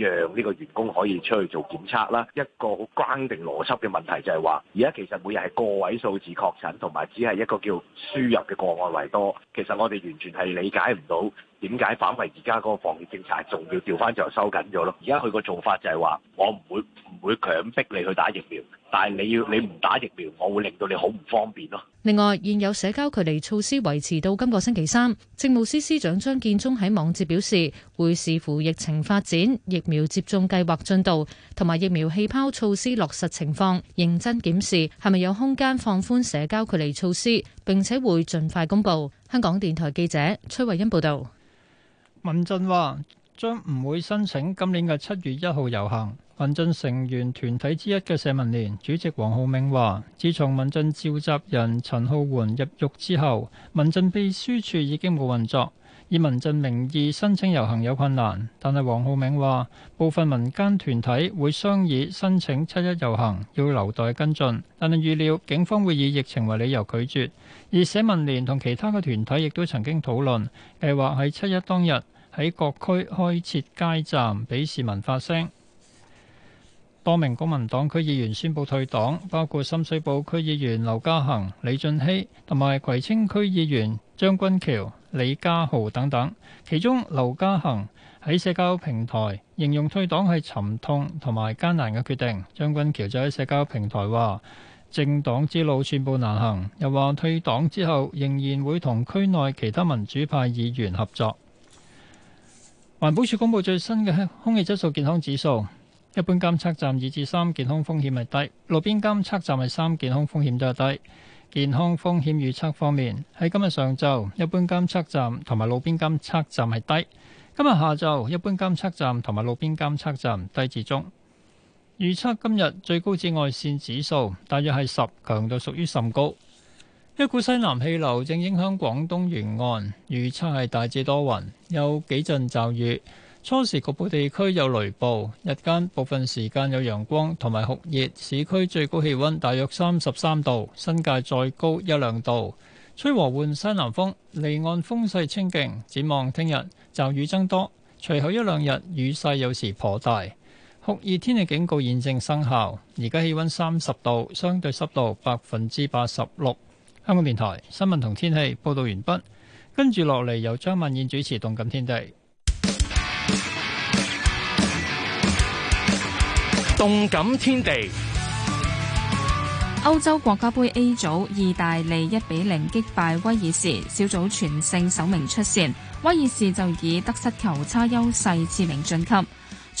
讓呢個員工可以出去做檢測啦。一個好關鍵邏輯嘅問題就係話，而家其實每日係個位數字確診同埋只係一個叫輸入嘅個案為多。其實我哋完全係理解唔到。點解反為而家嗰個防疫政策仲要調翻就收緊咗咯？而家佢個做法就係話，我唔會唔會強迫你去打疫苗，但係你要你唔打疫苗，我會令到你好唔方便咯。另外，現有社交距離措施維持到今個星期三。政務司司長張建宗喺網誌表示，會視乎疫情發展、疫苗接種計劃進度同埋疫苗氣泡措施落實情況，認真檢視係咪有空間放寬社交距離措施，並且會盡快公布。香港電台記者崔慧欣報導。民陣話將唔會申請今年嘅七月一號遊行。民陣成員團體之一嘅社民連主席黃浩銘話，自從民陣召集人陳皓桓入獄之後，民陣秘書處已經冇運作。以民陣名義申請遊行有困難，但係黃浩銘話：部分民間團體會商議申請七一遊行，要留待跟進。但係預料警方會以疫情為理由拒絕。而社民連同其他嘅團體亦都曾經討論計劃喺七一當日喺各區開設街站，俾市民發聲。多名公民黨區議員宣布退黨，包括深水埗區議員劉家恒、李俊熙同埋葵青區議員張君橋。李家豪等等，其中劉家恒喺社交平台形容退黨係沉痛同埋艱難嘅決定。張俊橋就喺社交平台話，政黨之路寸步難行，又話退黨之後仍然會同區內其他民主派議員合作。環保署公布最新嘅空氣質素健康指數，一般監測站二至三，健康風險係低，路邊監測站係三，健康風險都係低。健康風險預測方面，喺今日上晝，一般監測站同埋路邊監測站係低；今日下晝，一般監測站同埋路邊監測站低至中。預測今日最高紫外線指數大約係十，強度屬於甚高。一股西南氣流正影響廣東沿岸，預測係大致多雲，有幾陣驟雨。初時局部地區有雷暴，日間部分時間有陽光同埋酷熱，市區最高氣温大約三十三度，新界再高一兩度，吹和緩西南風，離岸風勢清勁。展望聽日驟雨增多，隨後一兩日雨勢有時頗大，酷熱天氣警告現正生效。而家氣温三十度，相對濕度百分之八十六。香港電台新聞同天氣報導完畢，跟住落嚟由張曼燕主持《動感天地》。動感天地，歐洲國家盃 A 組，意大利一比零擊敗威爾士，小組全勝首名出線。威爾士就以得失球差優勢次名晉級。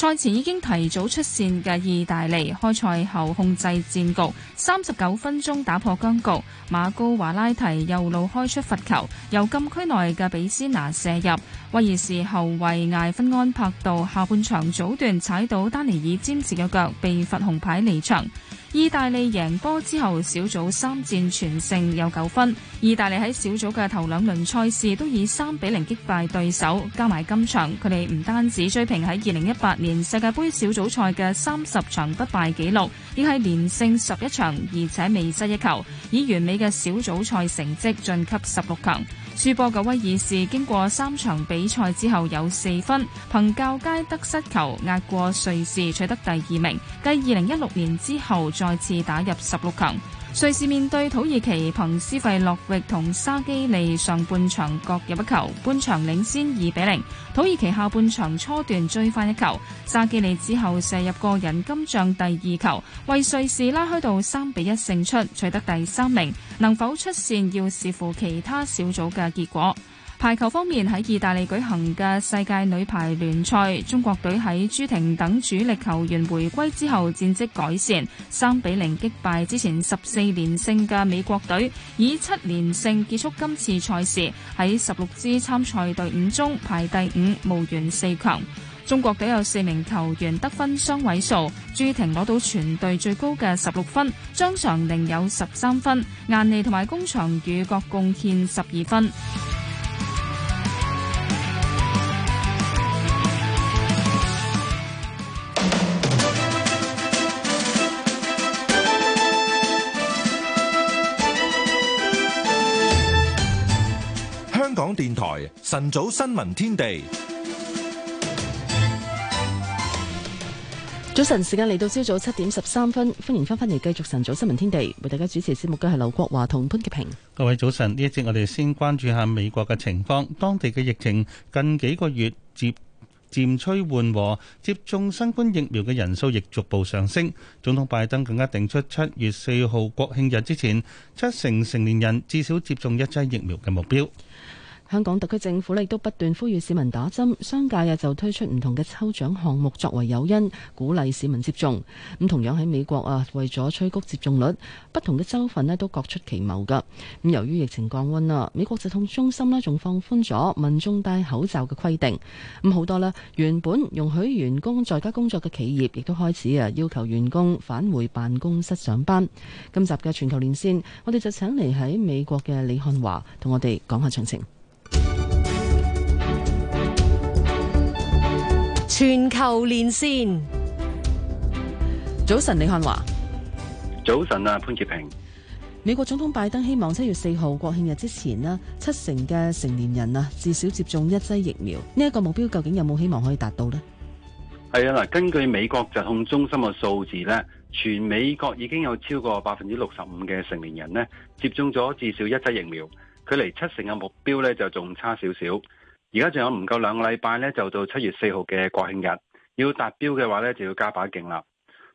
賽前已經提早出線嘅意大利，開賽後控制戰局，三十九分鐘打破僵局。馬高華拉提右路開出罰球，由禁區內嘅比斯拿射入。威爾士後衛艾芬安柏度下半場早段踩到丹尼爾詹姆斯嘅腳，被罰紅牌離場。意大利贏波之後，小組三戰全勝，有九分。意大利喺小組嘅頭兩輪賽事都以三比零擊敗對手，加埋今場，佢哋唔單止追平喺二零一八年世界盃小組賽嘅三十場不敗紀錄，亦係連勝十一場，而且未失一球，以完美嘅小組賽成績晉級十六強。輸波嘅威爾士經過三場比賽之後有四分，憑教階得失球壓過瑞士取得第二名，繼二零一六年之後再次打入十六強。瑞士面對土耳其，憑斯費洛域同沙基利上半場各入一球，半場領先二比零。土耳其下半場初段追翻一球，沙基利之後射入個人今場第二球，為瑞士拉開到三比一勝出，取得第三名。能否出線要視乎其他小組嘅結果。排球方面喺意大利舉行嘅世界女排聯賽，中國隊喺朱婷等主力球員回歸之後戰績改善，三比零擊敗之前十四連勝嘅美國隊，以七連勝結束今次賽事。喺十六支參賽隊伍中排第五，無緣四強。中國隊有四名球員得分雙位數，朱婷攞到全隊最高嘅十六分，張常寧有十三分，顏妮同埋龔翔宇各貢獻十二分。電台晨早新聞天地，早晨時間嚟到，朝早七點十三分，歡迎翻返嚟繼續晨早新聞天地，為大家主持節目嘅係劉國華同潘潔平。各位早晨，呢一節我哋先關注下美國嘅情況，當地嘅疫情近幾個月漸漸趨緩和，接種新冠疫苗嘅人數亦逐步上升。總統拜登更加定出七月四號國慶日之前七成成年人至少接種一劑疫苗嘅目標。香港特區政府亦都不斷呼籲市民打針，商界也就推出唔同嘅抽獎項目作為誘因，鼓勵市民接種。咁同樣喺美國啊，為咗催谷接種率，不同嘅州份咧都各出奇謀噶。咁由於疫情降溫啦，美國疾控中心咧仲放寬咗民眾戴口罩嘅規定。咁好多咧原本容許員工在家工作嘅企業，亦都開始啊要求員工返回辦公室上班。今集嘅全球連線，我哋就請嚟喺美國嘅李漢華同我哋講下詳情。全球連線。早晨，李漢華。早晨啊潘潔平。美國總統拜登希望七月四號國慶日之前啦，七成嘅成年人啊至少接種一劑疫苗。呢一個目標究竟有冇希望可以達到呢？係啊，根據美國疾控中心嘅數字咧，全美國已經有超過百分之六十五嘅成年人咧接種咗至少一劑疫苗，距離七成嘅目標呢，就仲差少少。而家仲有唔夠兩個禮拜咧，就到七月四號嘅國慶日，要達標嘅話咧，就要加把勁啦。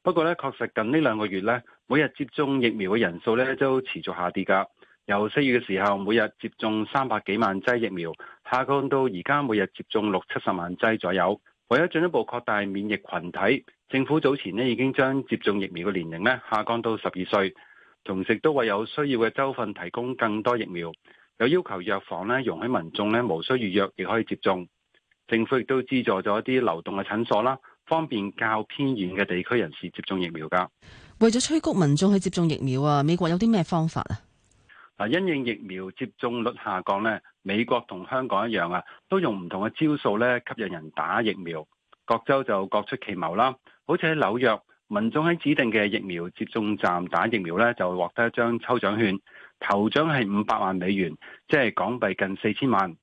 不過咧，確實近呢兩個月咧，每日接種疫苗嘅人數咧都持續下跌噶。由四月嘅時候，每日接種三百幾萬劑疫苗，下降到而家每日接種六七十萬劑左右。為咗進一步擴大免疫群體，政府早前呢已經將接種疫苗嘅年齡咧下降到十二歲，同時都為有需要嘅州份提供更多疫苗。有要求藥房咧容許民眾咧無需預約亦可以接種，政府亦都資助咗一啲流動嘅診所啦，方便較偏遠嘅地區人士接種疫苗㗎。為咗催谷民眾去接種疫苗啊，美國有啲咩方法啊？啊，因應疫苗接種率下降咧，美國同香港一樣啊，都用唔同嘅招數咧吸引人打疫苗。各州就各出奇謀啦，好似喺紐約，民眾喺指定嘅疫苗接種站打疫苗咧，就會獲得一張抽獎券。頭獎係五百萬美元，即係港幣近四千萬。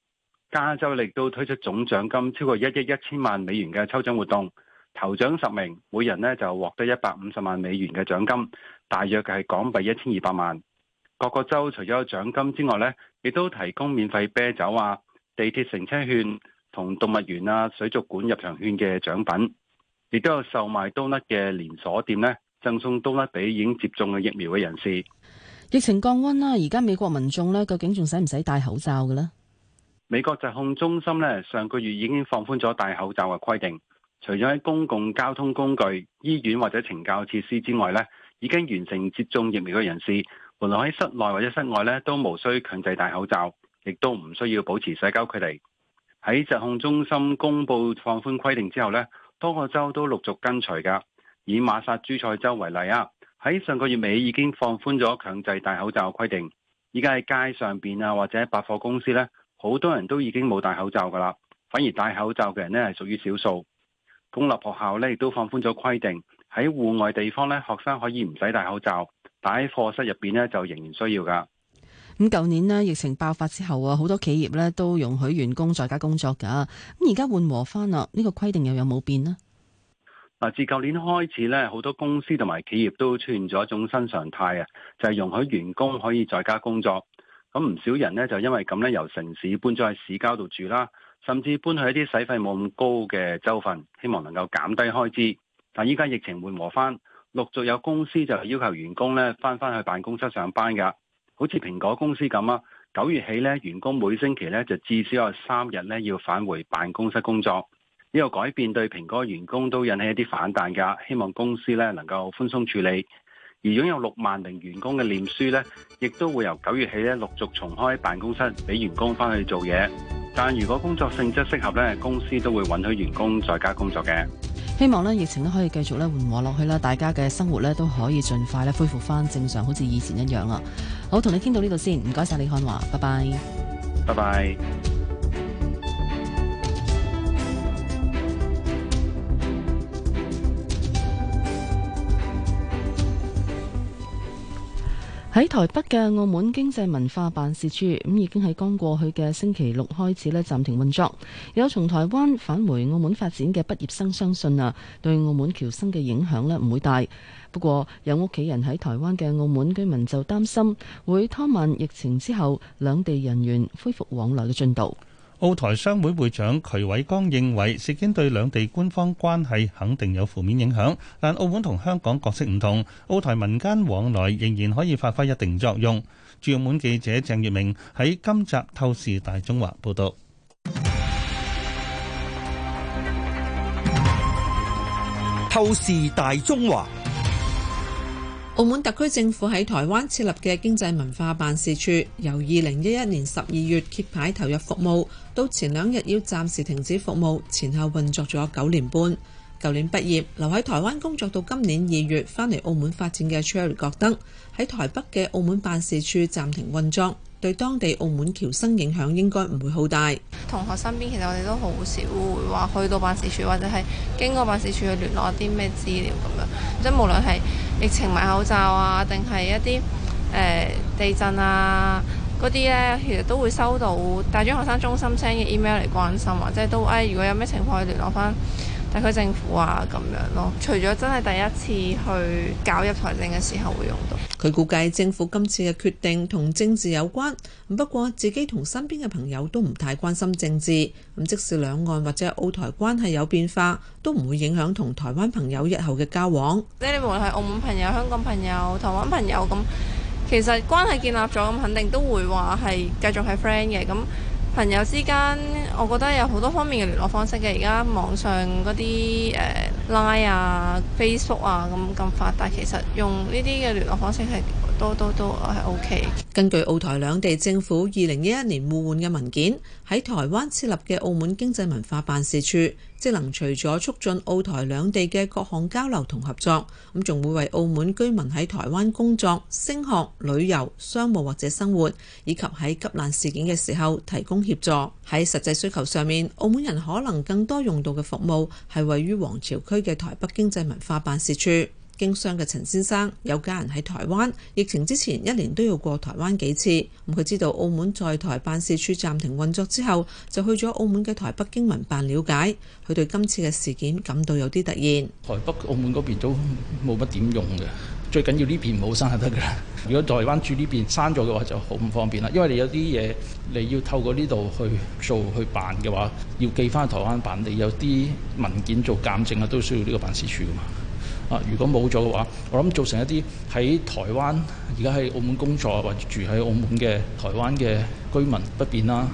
加州亦都推出總獎金超過一億一千萬美元嘅抽獎活動，頭獎十名，每人呢就獲得一百五十萬美元嘅獎金，大約係港幣一千二百萬。各個州除咗有獎金之外呢，亦都提供免費啤酒啊、地鐵乘車券同動物園啊、水族館入場券嘅獎品，亦都有售賣冬甩嘅連鎖店呢贈送冬甩俾已經接種嘅疫苗嘅人士。疫情降溫啦，而家美國民眾呢，究竟仲使唔使戴口罩嘅呢？美國疾控中心呢，上個月已經放寬咗戴口罩嘅規定，除咗喺公共交通工具、醫院或者懲教設施之外呢，已經完成接種疫苗嘅人士，無論喺室內或者室外呢，都無需強制戴口罩，亦都唔需要保持社交距離。喺疾控中心公布放寬規定之後呢，多個州都陸續跟隨噶。以馬薩諸塞州為例啊。喺上個月尾已經放寬咗強制戴口罩規定，而家喺街上邊啊或者百貨公司呢，好多人都已經冇戴口罩噶啦，反而戴口罩嘅人呢，係屬於少數。公立學校呢，亦都放寬咗規定，喺戶外地方呢，學生可以唔使戴口罩，但喺課室入邊呢，就仍然需要噶。咁舊年呢，疫情爆發之後啊，好多企業咧都容許員工在家工作噶，咁而家緩和翻啦，呢個規定又有冇變呢？自舊年開始咧，好多公司同埋企業都出現咗一種新常態啊，就係容許員工可以在家工作。咁唔少人呢，就因為咁咧，由城市搬咗喺市郊度住啦，甚至搬去一啲使費冇咁高嘅州份，希望能夠減低開支。但係依家疫情緩和翻，陸續有公司就要求員工咧翻返去辦公室上班㗎。好似蘋果公司咁啊，九月起呢，員工每星期呢，就至少有三日呢，要返回辦公室工作。呢個改變對蘋果員工都引起一啲反彈噶，希望公司咧能夠寬鬆處理。而擁有六萬名員工嘅臉書咧，亦都會由九月起咧陸續重開辦公室，俾員工翻去做嘢。但如果工作性質適合咧，公司都會允許員工在家工作嘅。希望咧疫情都可以繼續咧緩和落去啦，大家嘅生活咧都可以盡快咧恢復翻正常，好似以前一樣啦。好，同你傾到呢度先，唔該晒李漢華，拜拜，拜拜。喺台北嘅澳門經濟文化辦事處，咁已經喺剛過去嘅星期六開始呢暫停運作。有從台灣返回澳門發展嘅畢業生相信啊，對澳門僑生嘅影響呢唔會大。不過有屋企人喺台灣嘅澳門居民就擔心，會拖慢疫情之後兩地人員恢復往來嘅進度。澳台商會會長渠偉光認為事件對兩地官方關係肯定有負面影響，但澳門同香港角色唔同，澳台民間往來仍然可以發揮一定作用。駐澳門記者鄭月明喺今集《透視大中華》報道。透視大中華。澳門特區政府喺台灣設立嘅經濟文化辦事處，由二零一一年十二月揭牌投入服務，到前兩日要暫時停止服務，前後運作咗九年半。舊年畢業，留喺台灣工作到今年二月，返嚟澳門發展嘅 Charlie 覺得喺台北嘅澳門辦事處暫停運作。對當地澳門僑生影響應該唔會好大。同學身邊其實我哋都好少會話去到辦事處或者係經過辦事處去聯絡啲咩資料咁樣。即係無論係疫情買口罩啊，定係一啲誒、呃、地震啊嗰啲咧，其實都會收到大專學生中心 send 嘅 email 嚟關心啊，即係都誒、哎、如果有咩情況去以聯絡翻。特區政府啊，咁樣咯。除咗真係第一次去搞入台證嘅時候會用到。佢估計政府今次嘅決定同政治有關，不過自己同身邊嘅朋友都唔太關心政治。咁即使兩岸或者澳台關係有變化，都唔會影響同台灣朋友日後嘅交往。即係你無論係澳門朋友、香港朋友、台灣朋友咁，其實關係建立咗咁，肯定都會話係繼續係 friend 嘅咁。朋友之間，我覺得有好多方面嘅聯絡方式嘅。而家網上嗰啲誒 LINE 啊、Facebook 啊咁咁發達，其實用呢啲嘅聯絡方式係都都都係 OK。根據澳台兩地政府二零一一年互換嘅文件，喺台灣設立嘅澳門經濟文化辦事處。職能除咗促進澳台兩地嘅各項交流同合作，咁仲會為澳門居民喺台灣工作、升學、旅遊、商務或者生活，以及喺急難事件嘅時候提供協助。喺實際需求上面，澳門人可能更多用到嘅服務，係位於皇朝區嘅台北經濟文化辦事處。經商嘅陳先生有家人喺台灣，疫情之前一年都要過台灣幾次。咁佢知道澳門在台辦事處暫停運作之後，就去咗澳門嘅台北經文辦了解。佢對今次嘅事件感到有啲突然。台北、澳門嗰邊都冇乜點用嘅，最緊要呢邊唔好生就得嘅啦。如果台灣住呢邊生咗嘅話，就好唔方便啦。因為你有啲嘢你要透過呢度去做去辦嘅話，要寄翻台灣辦，你有啲文件做鑑證啊，都需要呢個辦事處噶嘛。啊！如果冇咗嘅話，我諗造成一啲喺台灣而家喺澳門工作或者住喺澳門嘅台灣嘅居民不便啦，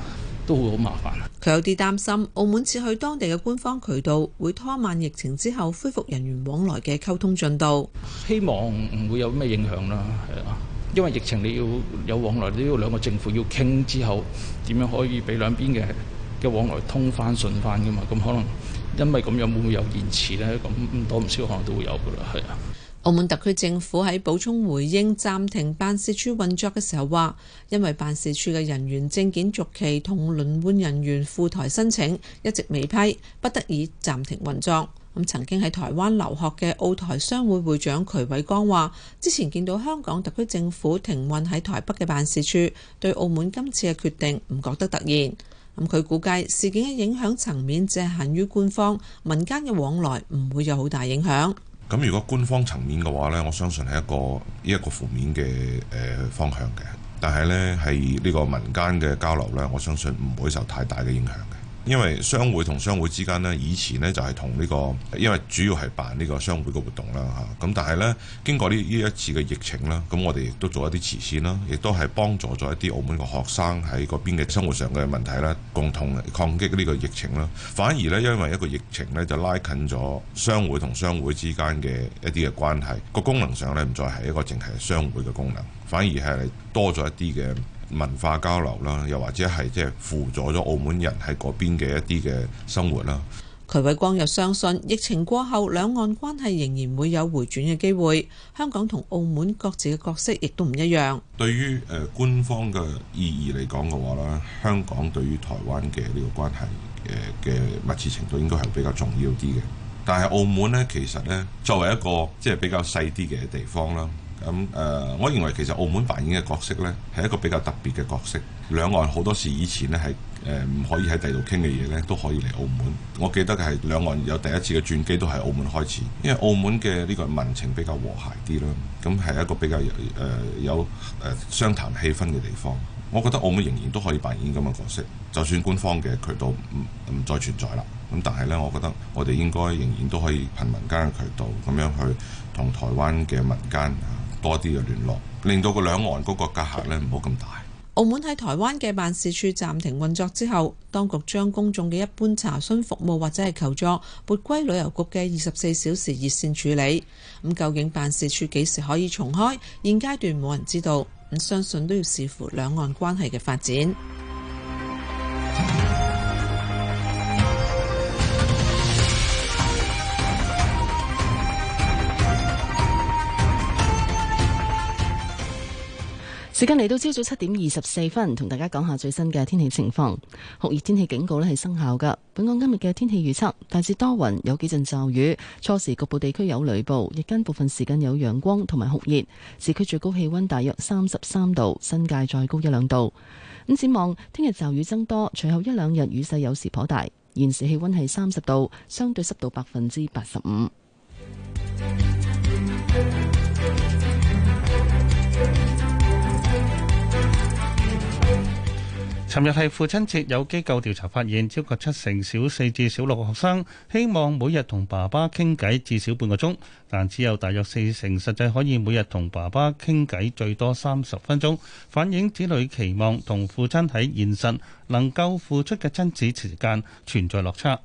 都會好麻煩。佢有啲擔心，澳門撤去當地嘅官方渠道，會拖慢疫情之後恢復人員往來嘅溝通進度。希望唔會有咩影響啦，係啊，因為疫情你要有往來，你要兩個政府要傾之後，點樣可以俾兩邊嘅嘅往來通翻順翻㗎嘛？咁可能。因為咁樣會唔會有延遲呢？咁多唔少可能都會有噶啦，係啊。澳門特區政府喺補充回應暫停辦事處運作嘅時候話，因為辦事處嘅人員證件續期同輪換人員赴台申請一直未批，不得已暫停運作。咁曾經喺台灣留學嘅澳台商會會長徐偉光話，之前見到香港特區政府停運喺台北嘅辦事處，對澳門今次嘅決定唔覺得突然。咁佢估計事件嘅影響層面只限於官方、民間嘅往來，唔會有好大影響。咁如果官方層面嘅話咧，我相信係一個呢一個負面嘅誒方向嘅。但係咧係呢個民間嘅交流咧，我相信唔會受太大嘅影響嘅。因為商會同商會之間呢，以前呢就係同呢個，因為主要係辦呢個商會嘅活動啦，嚇。咁但係呢，經過呢呢一次嘅疫情啦，咁我哋亦都做一啲慈善啦，亦都係幫助咗一啲澳門嘅學生喺嗰邊嘅生活上嘅問題啦，共同抗擊呢個疫情啦。反而呢，因為一個疫情呢，就拉近咗商會同商會之間嘅一啲嘅關係。個功能上呢，唔再係一個淨係商會嘅功能，反而係多咗一啲嘅。文化交流啦，又或者係即係輔助咗澳門人喺嗰邊嘅一啲嘅生活啦。徐偉光又相信疫情過後兩岸關係仍然會有回轉嘅機會，香港同澳門各自嘅角色亦都唔一樣。對於誒官方嘅意義嚟講嘅話啦，香港對於台灣嘅呢個關係嘅嘅密切程度應該係比較重要啲嘅。但係澳門咧，其實咧作為一個即係比較細啲嘅地方啦。咁誒、嗯呃，我認為其實澳門扮演嘅角色呢，係一個比較特別嘅角色。兩岸好多時以前呢，係誒唔可以喺第度傾嘅嘢呢，都可以嚟澳門。我記得嘅係兩岸有第一次嘅轉機都係澳門開始，因為澳門嘅呢個民情比較和諧啲啦。咁、嗯、係一個比較誒有誒、呃呃、商談氣氛嘅地方。我覺得澳門仍然都可以扮演咁嘅角色，就算官方嘅渠道唔唔再存在啦。咁、嗯、但係呢，我覺得我哋應該仍然都可以憑民間嘅渠道咁樣去同台灣嘅民間。多啲嘅聯絡，令到個兩岸嗰個隔閡呢，唔好咁大。澳門喺台灣嘅辦事處暫停運作之後，當局將公眾嘅一般查詢服務或者係求助撥歸旅遊局嘅二十四小時熱線處理。咁究竟辦事處幾時可以重開？現階段冇人知道。咁相信都要視乎兩岸關係嘅發展。時間嚟到朝早七點二十四分，同大家講下最新嘅天氣情況。酷熱天氣警告呢係生效噶。本港今日嘅天氣預測大致多雲，有幾陣驟雨。初時局部地區有雷暴，日間部分時間有陽光同埋酷熱。市區最高氣溫大約三十三度，新界再高一兩度。咁展望，聽日驟雨增多，隨後一兩日雨勢有時頗大。現時氣溫係三十度，相對濕度百分之八十五。尋日係父親節，有機構調查發現，超過七成小四至小六嘅學生希望每日同爸爸傾偈至少半個鐘，但只有大約四成實際可以每日同爸爸傾偈最多三十分鐘，反映子女期望同父親喺現實能夠付出嘅親子時間存在落差。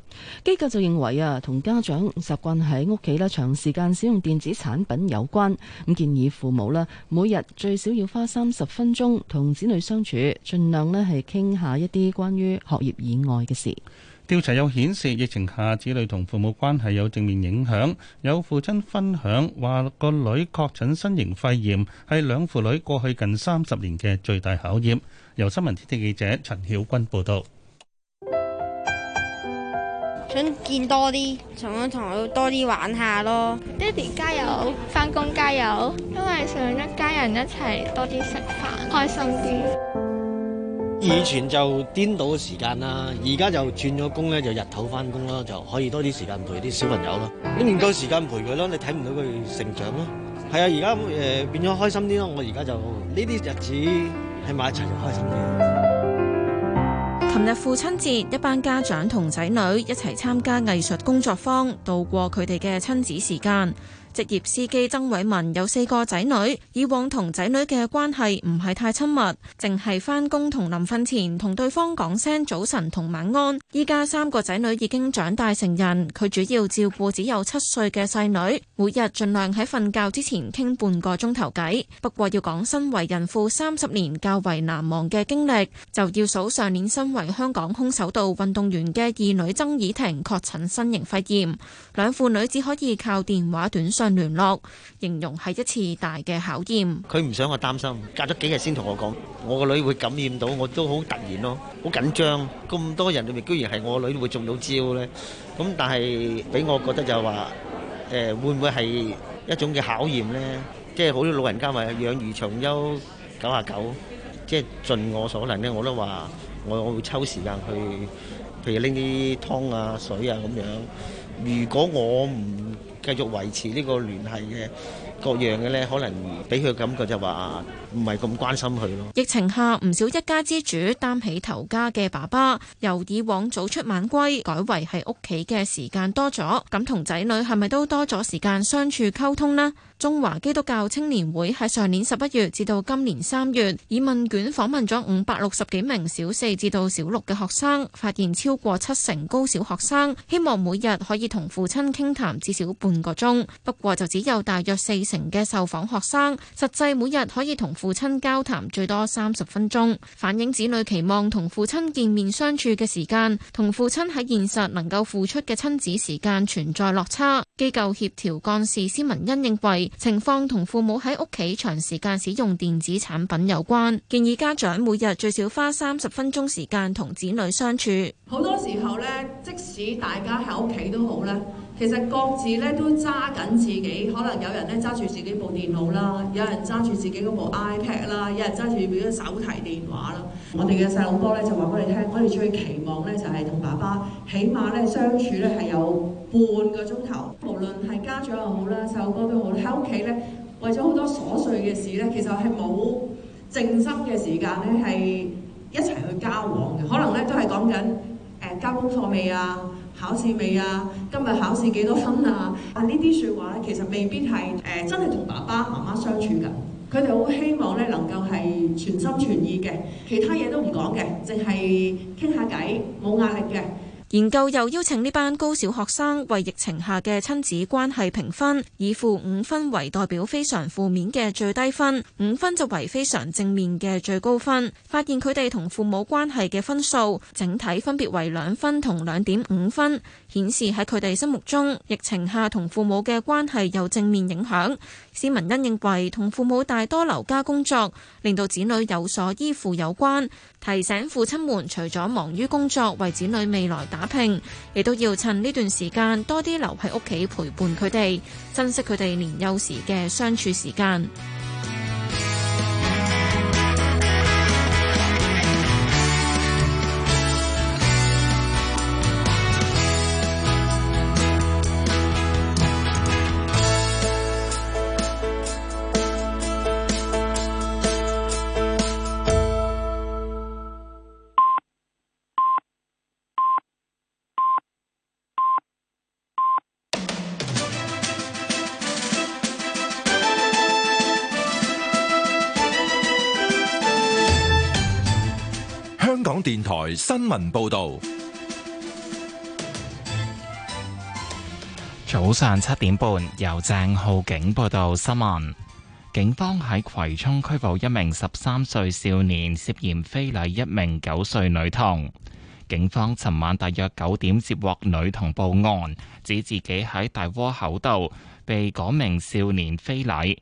機構就認為啊，同家長習慣喺屋企啦長時間使用電子產品有關，咁建議父母啦每日最少要花三十分鐘同子女相處，盡量呢係傾下一啲關於學業以外嘅事。調查又顯示，疫情下子女同父母關係有正面影響。有父親分享話個女確診新型肺炎係兩父女過去近三十年嘅最大考驗。由新聞天地記者陳曉君報道。想見多啲，想同佢多啲玩下咯。爹哋加油，翻工加油，因為想一家人一齊多啲食飯，開心啲。以前就顛倒時間啦，而家就轉咗工咧，就日頭翻工咯，就可以多啲時間陪啲小朋友咯。你唔夠時間陪佢咯，你睇唔到佢成長咯。係啊，而家誒變咗開心啲咯，我而家就呢啲日子喺埋一齊就開心啲。琴日父親節，一班家長同仔女一齊參加藝術工作坊，度過佢哋嘅親子時間。職業司機曾偉文有四個仔女，以往同仔女嘅關係唔係太親密，淨係返工同臨瞓前同對方講聲早晨同晚安。依家三個仔女已經長大成人，佢主要照顧只有七歲嘅細女，每日盡量喺瞓覺之前傾半個鐘頭偈。不過要講身為人父三十年較為難忘嘅經歷，就要數上年身為香港空手道運動員嘅二女曾以婷確診新型肺炎，兩父女只可以靠電話短訊。聯絡，形容係一次大嘅考驗。佢唔想我擔心，隔咗幾日先同我講，我個女會感染到，我都好突然咯，好緊張。咁多人裏面，居然係我女會中到招咧。咁但係俾我覺得就話，誒會唔會係一種嘅考驗咧？即係好多老人家話養兒長憂九十九，即係盡我所能咧，我都話我會抽時間去，譬如拎啲湯啊水啊咁樣。如果我唔繼續維持呢個聯繫嘅各樣嘅咧，可能俾佢感覺就話。唔係咁關心佢咯。疫情下唔少一家之主擔起頭家嘅爸爸，由以往早出晚歸，改為喺屋企嘅時間多咗，咁同仔女係咪都多咗時間相處溝通呢？中華基督教青年會喺上年十一月至到今年三月，以問卷訪問咗五百六十幾名小四至到小六嘅學生，發現超過七成高小學生希望每日可以同父親傾談至少半個鐘，不過就只有大約四成嘅受訪學生實際每日可以同。父親交談最多三十分鐘，反映子女期望同父親見面相處嘅時間，同父親喺現實能夠付出嘅親子時間存在落差。機構協調幹事施文恩認為，情況同父母喺屋企長時間使用電子產品有關，建議家長每日最少花三十分鐘時間同子女相處。好多時候咧，即使大家喺屋企都好咧。其實各自咧都揸緊自己，可能有人咧揸住自己部電腦啦，有人揸住自己部 iPad 啦，有人揸住手提電話啦。我哋嘅細路哥咧就話俾你聽，我哋最期望咧就係同爸爸起碼咧相處咧係有半個鐘頭，無論係家長又好啦，細路哥都好，喺屋企咧為咗好多瑣碎嘅事咧，其實係冇靜心嘅時間咧係一齊去交往嘅，可能咧都係講緊誒交功課未啊？考試未啊？今日考試幾多分啊？啊，呢啲説話咧，其實未必係誒、呃、真係同爸爸媽媽相處㗎。佢哋好希望咧能夠係全心全意嘅，其他嘢都唔講嘅，淨係傾下偈，冇壓力嘅。研究又邀請呢班高小學生為疫情下嘅親子關係評分，以負五分為代表非常負面嘅最低分，五分就為非常正面嘅最高分。發現佢哋同父母關係嘅分數整體分別為兩分同兩點五分。顯示喺佢哋心目中，疫情下同父母嘅關係有正面影響。施文欣認為，同父母大多留家工作，令到子女有所依附有關。提醒父親們，除咗忙於工作為子女未來打拼，亦都要趁呢段時間多啲留喺屋企陪伴佢哋，珍惜佢哋年幼時嘅相處時間。台新聞報道，早上七點半由鄭浩景報道新聞。警方喺葵涌拘捕一名十三歲少年，涉嫌非禮一名九歲女童。警方尋晚大約九點接獲女童報案，指自己喺大窩口度被嗰名少年非禮。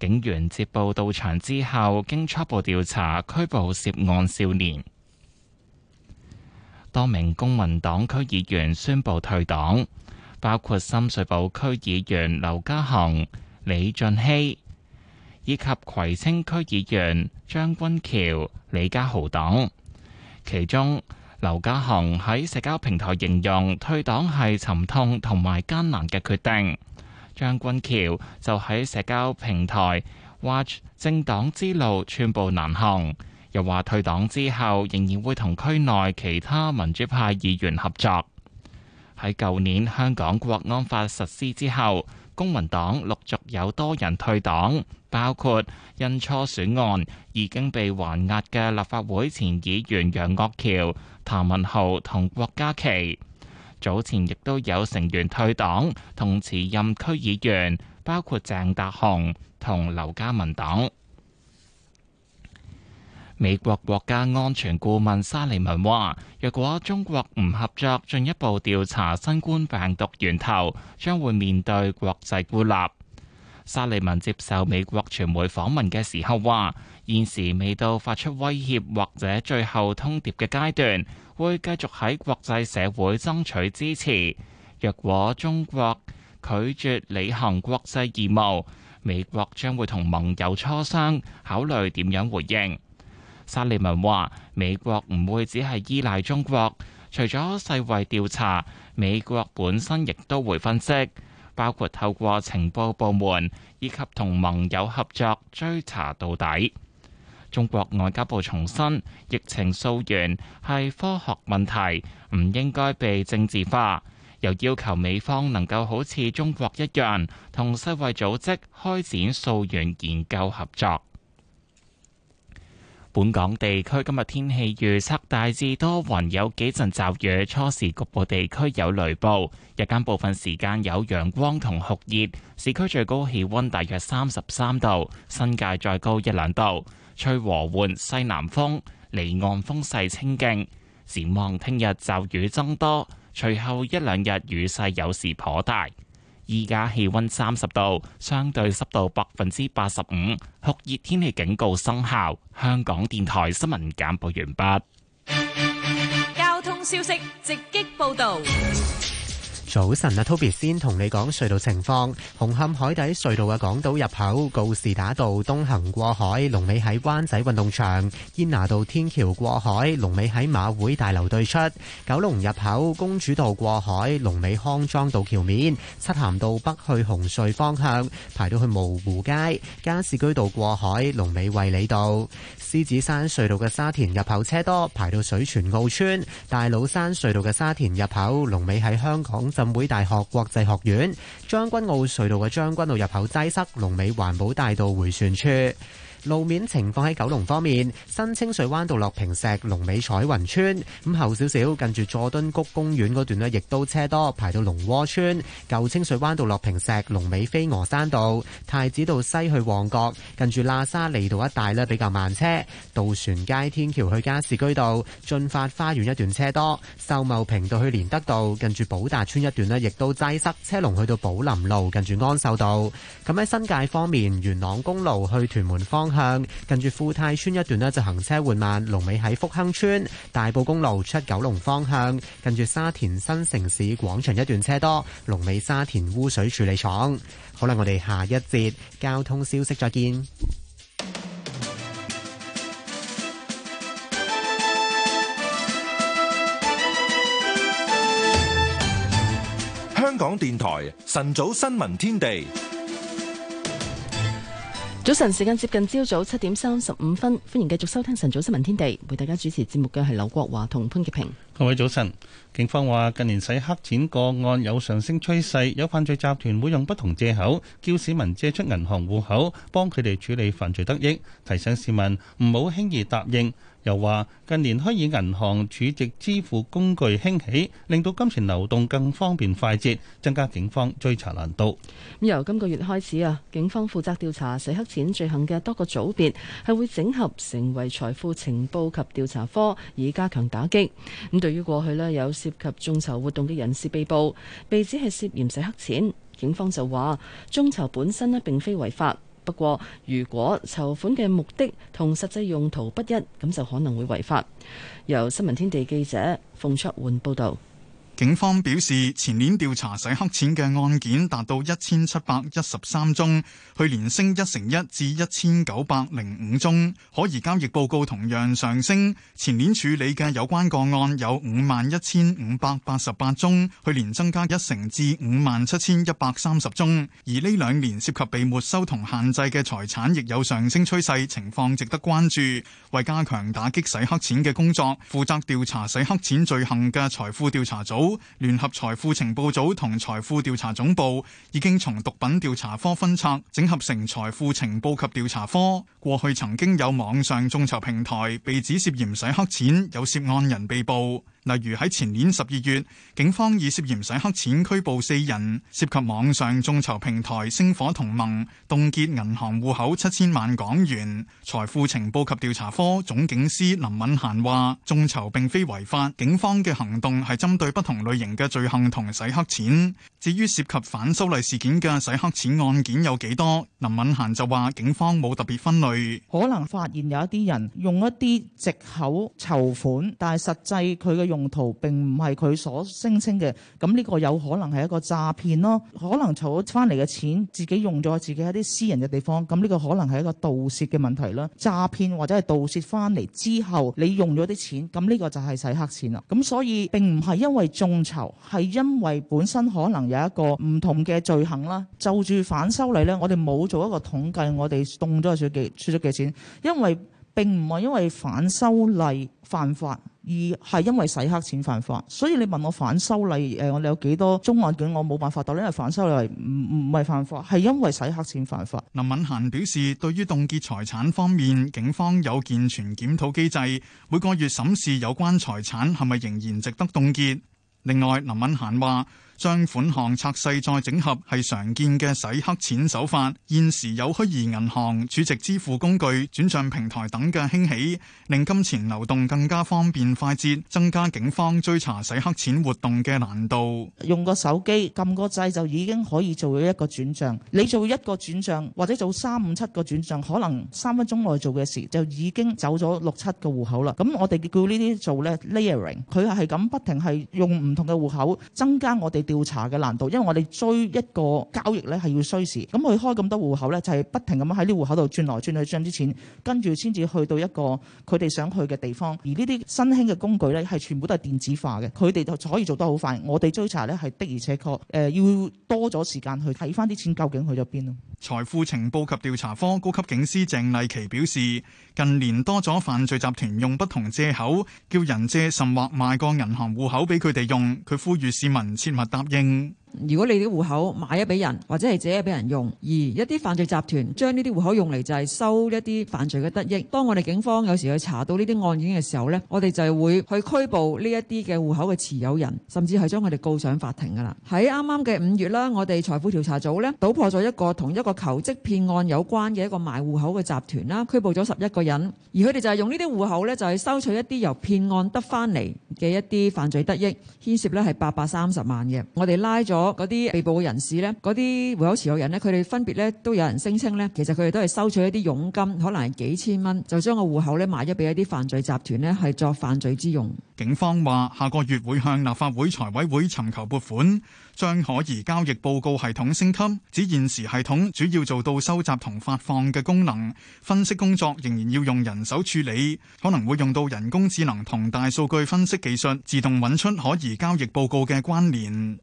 警員接報到場之後，經初步調查，拘捕涉案少年。多名公民黨區議員宣佈退黨，包括深水埗區議員劉家恒、李俊熙，以及葵青區議員張君橋、李家豪等。其中，劉家恒喺社交平台形容退黨係沉痛同埋艱難嘅決定，張君橋就喺社交平台話政黨之路寸步難行。又話退黨之後，仍然會同區內其他民主派議員合作。喺舊年香港國安法實施之後，公民黨陸續有多人退黨，包括因初選案已經被還押嘅立法會前議員楊岳橋、譚文豪同郭家麒。早前亦都有成員退黨，同辭任區議員，包括鄭達鴻同劉家文等。美國國家安全顧問沙利文話，若果中國唔合作，進一步調查新冠病毒源頭，將會面對國際孤立。沙利文接受美國傳媒訪問嘅時候話，現時未到發出威脅或者最後通牒嘅階段，會繼續喺國際社會爭取支持。若果中國拒絕履行國際義務，美國將會同盟友磋商，考慮點樣回應。沙利文話美國唔會只係依賴中國，除咗世衛調查，美國本身亦都會分析，包括透過情報部門以及同盟友合作追查到底。中國外交部重申，疫情溯源係科學問題，唔應該被政治化，又要求美方能夠好似中國一樣，同世衛組織開展溯源研究合作。本港地區今日天氣預測，大致多雲，有幾陣驟雨，初時局部地區有雷暴，日間部分時間有陽光同酷熱，市區最高氣溫大約三十三度，新界再高一兩度。吹和緩西南風，離岸風勢清勁，展望聽日驟雨增多，隨後一兩日雨勢有時頗大。依家氣溫三十度，相對濕度百分之八十五，酷熱天氣警告生效。香港電台新聞簡報完畢。交通消息直擊報道。早晨阿、啊、Toby 先同你講隧道情況。紅磡海底隧道嘅港島入口告士打道東行過海，龍尾喺灣仔運動場；堅拿道天橋過海，龍尾喺馬會大樓對出。九龍入口公主道過海，龍尾康莊道橋面；漆咸道北去紅隧方向，排到去蕪湖街；加士居道過海，龍尾衛理道。獅子山隧道嘅沙田入口車多，排到水泉澳村；大老山隧道嘅沙田入口，龍尾喺香港浸會大學國際學院，將軍澳隧道嘅將軍澳入口擠塞，龍尾環保大道回旋處。路面情況喺九龍方面，新清水灣道落坪石龍尾彩雲村咁後少少，近住佐敦谷公園嗰段咧，亦都車多排到龍窩村。舊清水灣道落坪石龍尾飛鵝山道、太子道西去旺角，近住喇沙利道一帶咧比較慢車。渡船街天橋去加士居道、駿發花園一段車多。秀茂坪道去連德道，近住寶達邨一段咧亦都擠塞，車龍去到寶林路，近住安秀道。咁喺新界方面，元朗公路去屯門方向。向近住富泰村一段咧，就行車緩慢；龍尾喺福亨村大埔公路出九龍方向，近住沙田新城市廣場一段車多，龍尾沙田污水處理廠。好啦，我哋下一節交通消息再見。香港電台晨早新聞天地。早晨時間接近朝早七點三十五分，歡迎繼續收聽晨早新聞天地。為大家主持節目嘅係劉國華同潘潔平。各位早晨，警方話近年洗黑錢個案有上升趨勢，有犯罪集團會用不同借口叫市民借出銀行戶口，幫佢哋處理犯罪得益。提醒市民唔好輕易答應。又話近年虛擬銀行儲值支付工具興起，令到金錢流動更方便快捷，增加警方追查難度。咁由今個月開始啊，警方負責調查洗黑錢罪行嘅多個組別係會整合成為財富情報及調查科，以加強打擊。咁對於過去呢有涉及眾籌活動嘅人士被捕，被指係涉嫌洗黑錢，警方就話眾籌本身呢並非違法。不過，如果籌款嘅目的同實際用途不一，咁就可能會違法。由新聞天地記者馮卓煥報導。警方表示，前年調查洗黑錢嘅案件達到一千七百一十三宗，去年升一成一至一千九百零五宗。可疑交易報告同樣上升，前年處理嘅有關個案有五萬一千五百八十八宗，去年增加一成至五萬七千一百三十宗。而呢兩年涉及被沒收同限制嘅財產亦有上升趨勢，情況值得關注。為加強打擊洗黑錢嘅工作，負責調查洗黑錢罪行嘅財富調查組。聯合財富情報組同財富調查總部已經從毒品調查科分拆，整合成財富情報及調查科。過去曾經有網上眾籌平台被指涉嫌洗黑錢，有涉案人被捕。例如喺前年十二月，警方以涉嫌洗黑錢拘捕四人，涉及網上眾籌平台星火同盟，凍結銀行戶口七千萬港元。財富情報及調查科總警司林敏嫻話眾籌並非違法，警方嘅行動係針對不同類型嘅罪行同洗黑錢。至於涉及反修例事件嘅洗黑錢案件有幾多，林敏嫻就話警方冇特別分類，可能發現有一啲人用一啲借口籌款，但係實際佢嘅用。用途並唔係佢所聲稱嘅，咁呢個有可能係一個詐騙咯。可能儲翻嚟嘅錢自己用咗，自己喺一啲私人嘅地方，咁呢個可能係一個盜竊嘅問題啦。詐騙或者係盜竊翻嚟之後，你用咗啲錢，咁呢個就係洗黑錢啦。咁所以並唔係因為眾籌，係因為本身可能有一個唔同嘅罪行啦。就住反修例呢，我哋冇做一個統計，我哋凍咗幾出咗幾錢，因為。並唔係因為反修例犯法，而係因為洗黑錢犯法。所以你問我反修例誒，我哋有幾多宗案件，我冇辦法答，因為反修例唔唔係犯法，係因為洗黑錢犯法。林敏賢表示，對於凍結財產方面，警方有健全檢討機制，每個月審視有關財產係咪仍然值得凍結。另外，林敏賢話。將款項拆細再整合係常見嘅洗黑錢手法。現時有虛擬銀行、儲值支付工具、轉賬平台等嘅興起，令金錢流動更加方便快捷，增加警方追查洗黑錢活動嘅難度。用個手機撳個掣就已經可以做到一個轉賬。你做一個轉賬或者做三五七個轉賬，可能三分鐘內做嘅事就已經走咗六七個戶口啦。咁我哋叫呢啲做呢 layering，佢係係咁不停係用唔同嘅戶口增加我哋。調查嘅難度，因為我哋追一個交易咧係要需時，咁佢開咁多戶口呢，就係不停咁喺呢個戶口度轉來轉去將啲錢，跟住先至去到一個佢哋想去嘅地方。而呢啲新興嘅工具呢，係全部都係電子化嘅，佢哋就可以做得好快。我哋追查呢，係的而且確誒要多咗時間去睇翻啲錢究竟去咗邊咯。財富情報及調查科高級警司鄭麗琪表示，近年多咗犯罪集團用不同借口叫人借甚或買個銀行戶口俾佢哋用，佢呼籲市民切勿答應。如果你啲戶口買咗俾人，或者係借咗俾人用，而一啲犯罪集團將呢啲戶口用嚟就係收一啲犯罪嘅得益。當我哋警方有時去查到呢啲案件嘅時候呢，我哋就會去拘捕呢一啲嘅戶口嘅持有人，甚至係將佢哋告上法庭噶啦。喺啱啱嘅五月啦，我哋財富調查組呢，搗破咗一個同一個求職騙案有關嘅一個賣戶口嘅集團啦，拘捕咗十一個人，而佢哋就係用呢啲戶口呢，就係收取一啲由騙案得返嚟嘅一啲犯罪得益，牽涉呢係八百三十萬嘅。我哋拉咗。嗰啲被捕嘅人士呢，嗰啲戶口持有人呢，佢哋分別咧都有人聲稱呢。其實佢哋都係收取一啲佣金，可能係幾千蚊，就將個戶口呢賣咗俾一啲犯罪集團呢，係作犯罪之用。警方話下個月會向立法會財委會尋求撥款，將可疑交易報告系統升級。指現時系統主要做到收集同發放嘅功能，分析工作仍然要用人手處理，可能會用到人工智能同大數據分析技術，自動揾出可疑交易報告嘅關聯。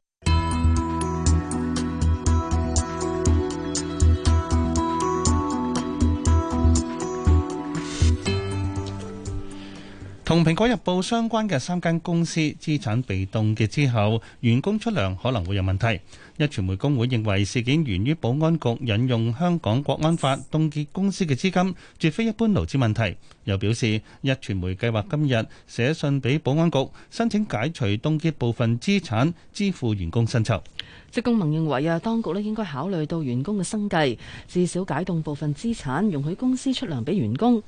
同《蘋果日報》相關嘅三間公司資產被凍結之後，員工出糧可能會有問題。壹傳媒工會認為事件源於保安局引用香港國安法凍結公司嘅資金，絕非一般勞資問題。又表示，壹傳媒計劃今日寫信俾保安局，申請解除凍結部分資產，支付員工薪酬。職工盟認為啊，當局咧應該考慮到員工嘅生計，至少解凍部分資產，容許公司出糧俾員工。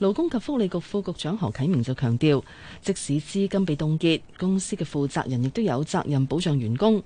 勞工及福利局副局長何啟明就強調，即使資金被凍結，公司嘅負責人亦都有責任保障員工。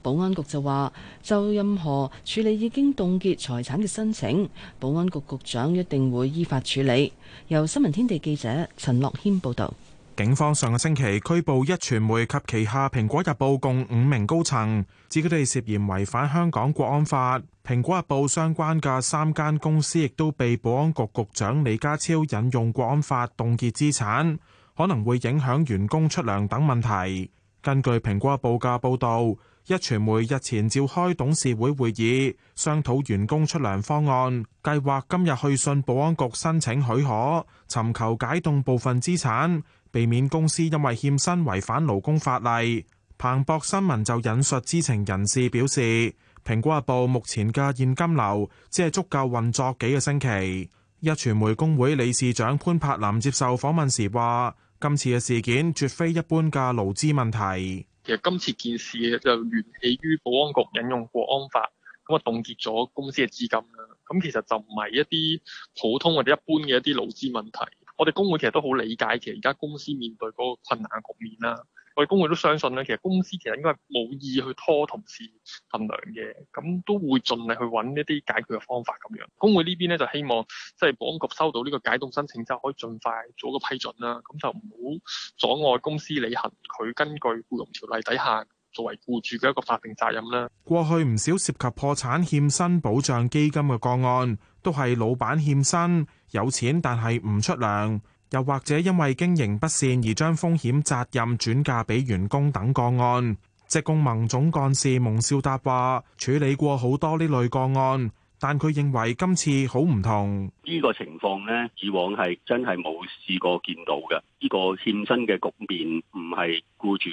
保安局就話，就任何處理已經凍結財產嘅申請，保安局局長一定會依法處理。由新聞天地記者陳樂軒報導。警方上個星期拘捕壹傳媒及旗下蘋果日報共五名高層，指佢哋涉嫌違反香港國安法。蘋果日報相關嘅三間公司亦都被保安局局長李家超引用國安法凍結資產，可能會影響員工出糧等問題。根據蘋果日報嘅報道，壹傳媒日前召開董事會會議，商討員工出糧方案，計劃今日去信保安局申請許可，尋求解凍部分資產。避免公司因為欠薪違反勞工法例，彭博新聞就引述知情人士表示，蘋果日報目前嘅現金流只係足夠運作幾個星期。壹傳媒工會理事長潘柏林接受訪問時話，今次嘅事件絕非一般嘅勞資問題，其實今次件事就緣起於保安局引用國安法，咁啊凍結咗公司嘅資金啦。咁其實就唔係一啲普通或者一般嘅一啲勞資問題。我哋工會其實都好理解，其實而家公司面對嗰個困難局面啦。我哋工會都相信咧，其實公司其實應該係冇意去拖同事份糧嘅，咁都會盡力去揾一啲解決嘅方法咁樣。工會呢邊咧就希望，即係保安局收到呢個解凍申請之後，可以盡快做一個批准啦，咁就唔好阻礙公司履行佢根據僱傭條例底下，作為僱主嘅一個法定責任啦。過去唔少涉及破產欠薪保障基金嘅個案，都係老闆欠薪，有錢但係唔出糧，又或者因為經營不善而將風險責任轉嫁俾員工等個案。職工盟總幹事蒙少達話，處理過好多呢類個案。但佢認為今次好唔同，呢個情況呢，以往係真係冇試過見到嘅。呢、這個欠薪嘅局面唔係僱主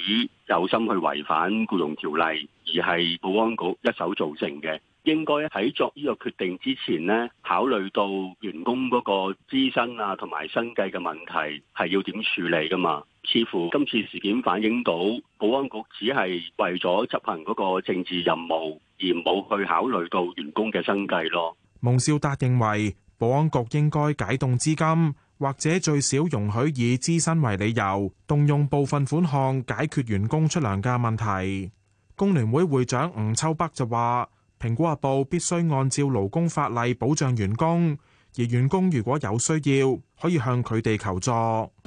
有心去違反僱傭條例，而係保安局一手造成嘅。應該喺作呢個決定之前咧，考慮到員工嗰個資薪啊，同埋生計嘅問題係要點處理噶嘛？似乎今次事件反映到保安局只係為咗執行嗰個政治任務，而冇去考慮到員工嘅生計咯。蒙兆達認為保安局應該解凍資金，或者最少容許以資薪為理由動用部分款項解決員工出糧嘅問題。工聯會會長吳秋北就話。蘋果日報必須按照勞工法例保障員工，而員工如果有需要，可以向佢哋求助。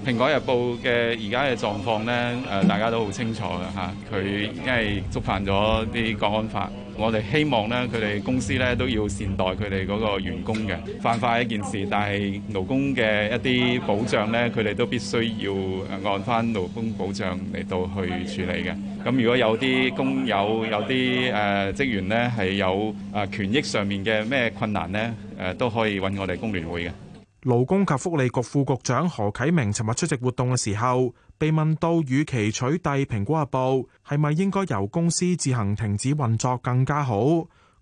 蘋果日報嘅而家嘅狀況咧，誒，大家都好清楚㗎吓，佢因為觸犯咗啲國安法。我哋希望咧，佢哋公司咧都要善待佢哋嗰個員工嘅，犯法一件事，但係勞工嘅一啲保障咧，佢哋都必須要按翻勞工保障嚟到去處理嘅。咁如果有啲工友、有啲誒職員咧係有誒權益上面嘅咩困難咧，誒都可以揾我哋工聯會嘅。勞工及福利局副局長何啟明尋日出席活動嘅時候。被問到與其取締蘋果日報，係咪應該由公司自行停止運作更加好？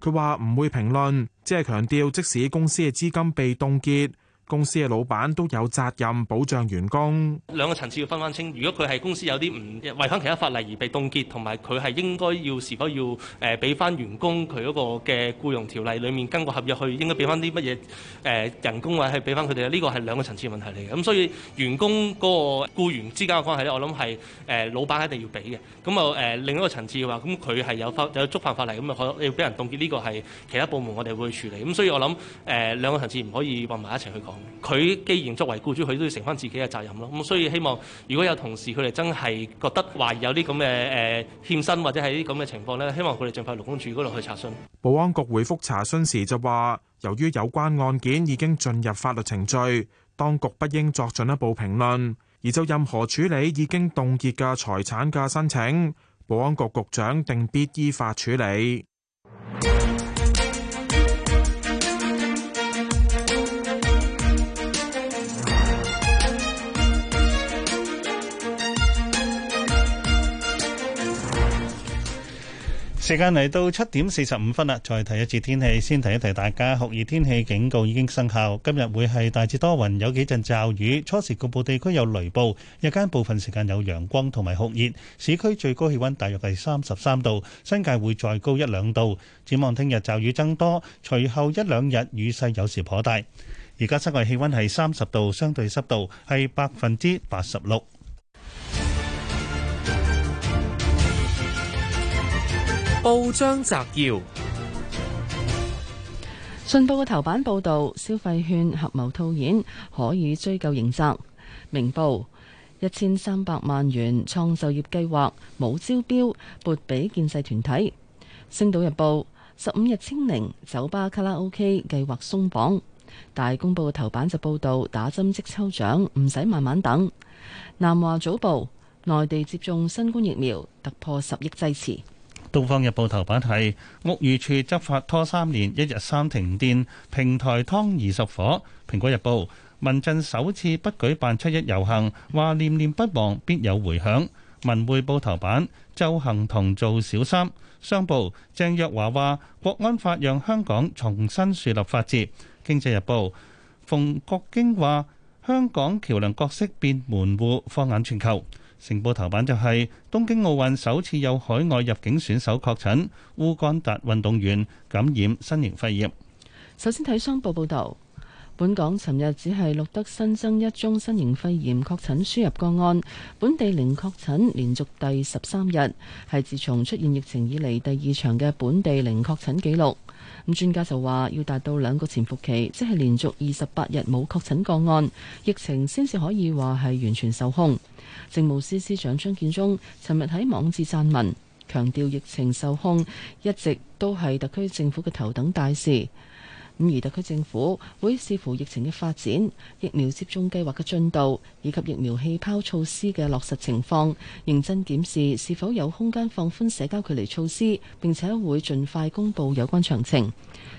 佢話唔會評論，只係強調即使公司嘅資金被凍結。公司嘅老闆都有責任保障員工。兩個層次要分翻清。如果佢係公司有啲唔違反其他法例而被凍結，同埋佢係應該要,要是否要誒俾翻員工佢嗰個嘅雇傭條例裏面跟個合約去應該俾翻啲乜嘢誒人工或者係俾翻佢哋呢個係兩個層次問題嚟嘅。咁、嗯、所以員工嗰個僱員之間嘅關係咧，我諗係誒老闆一定要俾嘅。咁啊誒另一個層次嘅話，咁佢係有法有觸犯法例咁啊，可能要俾人凍結呢、這個係其他部門我哋會處理。咁所以我諗誒兩個層次唔可以混埋一齊去講。佢既然作為僱主，佢都要承翻自己嘅責任咯。咁所以希望如果有同事，佢哋真係覺得話有啲咁嘅誒欠薪或者係啲咁嘅情況，呢希望佢哋儘快去勞工處嗰度去查詢。保安局回覆查詢時就話，由於有關案件已經進入法律程序，當局不應作進一步評論。而就任何處理已經凍結嘅財產嘅申請，保安局局長定必依法處理。時間嚟到七點四十五分啦，再睇一次天氣，先提一提大家。酷熱天氣警告已經生效。今日會係大致多雲，有幾陣驟雨，初時局部地區有雷暴，日間部分時間有陽光同埋酷熱。市區最高氣溫大約係三十三度，新界會再高一兩度。展望聽日驟雨增多，隨後一兩日雨勢有時頗大。而家室外氣溫係三十度，相對濕度係百分之八十六。報章摘要：《信報》嘅頭版報道，消費券合謀套現可以追究刑責；《明報》一千三百萬元創就業計劃冇招標撥俾建制團體；《星島日報》十五日清零，酒吧卡拉 OK 計劃鬆綁；《大公報》嘅頭版就報道打針即抽獎，唔使慢慢等；《南華早報》內地接種新冠疫苗突破十億劑次。《東方日報》頭版係屋宇署執法拖三年，一日三停電；平台湯二十火。《蘋果日報》民陣首次不舉辦七一遊行，話念念不忘必有回響。《文匯報》頭版周行同做小三。《商報》鄭若驊話《國安法》讓香港重新樹立法治。《經濟日報》馮國經話香港橋梁角色變門戶，放眼全球。成報頭版就係東京奧運首次有海外入境選手確診，烏干達運動員感染新型肺炎。首先睇商報報導，本港尋日只係錄得新增一宗新型肺炎確診輸入個案，本地零確診，連續第十三日，係自從出現疫情以嚟第二長嘅本地零確診記錄。咁專家就話要達到兩個潛伏期，即係連續二十八日冇確診個案，疫情先至可以話係完全受控。政務司司長張建宗尋日喺網誌撰文，強調疫情受控一直都係特區政府嘅頭等大事。五而特區政府會視乎疫情嘅發展、疫苗接種計劃嘅進度以及疫苗氣泡措施嘅落實情況，認真檢視是否有空間放寬社交距離措施，並且會盡快公佈有關詳情。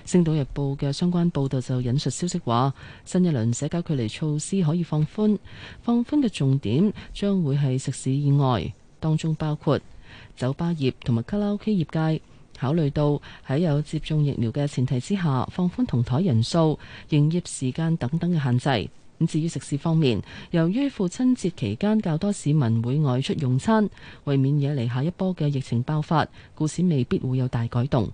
星島日報嘅相關報導就引述消息話，新一輪社交距離措施可以放寬，放寬嘅重點將會係食肆以外，當中包括酒吧業同埋卡拉 OK 業界。考慮到喺有接種疫苗嘅前提之下，放寬同枱人數、營業時間等等嘅限制。咁至於食肆方面，由於父親節期間較多市民會外出用餐，為免惹嚟下一波嘅疫情爆發，故此未必會有大改動。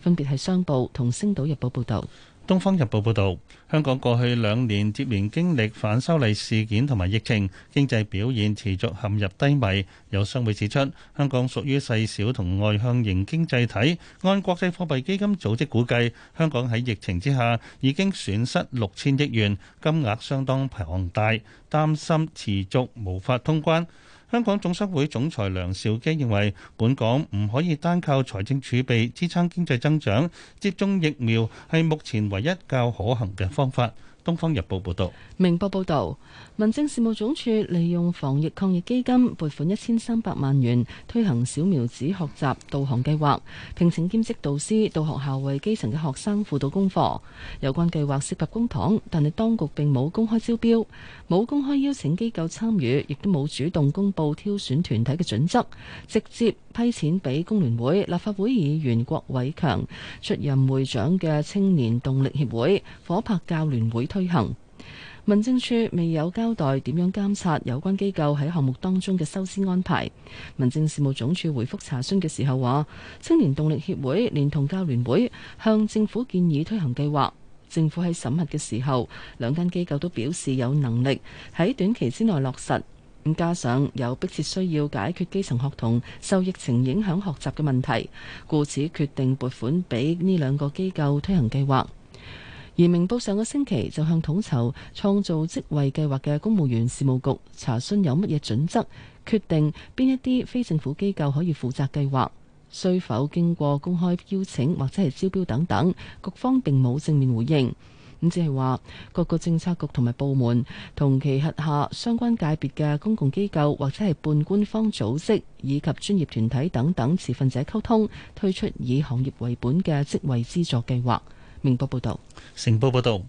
分別係商報同星島日報報道。《東方日報》報道，香港過去兩年接連經歷反修例事件同埋疫情，經濟表現持續陷入低迷。有商會指出，香港屬於細小同外向型經濟體，按國際貨幣基金組織估計，香港喺疫情之下已經損失六千億元，金額相當龐大，擔心持續無法通關。香港總商會總裁梁兆基認為，本港唔可以單靠財政儲備，支撐經濟增長，接種疫苗係目前唯一較可行嘅方法。《東方日報》報道，明報報道，民政事務總署利用防疫抗疫基金撥款一千三百萬元推行小苗子學習導航計劃，聘請兼職導師到學校為基層嘅學生輔導功課。有關計劃涉及公帑，但係當局並冇公開招標，冇公開邀請機構參與，亦都冇主動公布挑選團體嘅準則，直接批錢俾工聯會立法會議員郭偉強出任會長嘅青年動力協會火拍教聯會推。推行民政處未有交代點樣監察有關機構喺項目當中嘅收支安排。民政事務總署回復查詢嘅時候話，青年動力協會連同教聯會向政府建議推行計劃。政府喺審核嘅時候，兩間機構都表示有能力喺短期之內落實，加上有迫切需要解決基層學童受疫情影響學習嘅問題，故此決定撥款俾呢兩個機構推行計劃。而明報上個星期就向統籌創造職位計劃嘅公務員事務局查詢，有乜嘢準則，決定邊一啲非政府機構可以負責計劃，需否經過公開邀請或者係招標等等。局方並冇正面回應，咁即係話各個政策局同埋部門同其轄下相關界別嘅公共機構或者係半官方組織以及專業團體等等持份者溝通，推出以行業為本嘅職位資助計劃。明報報道，成報報道，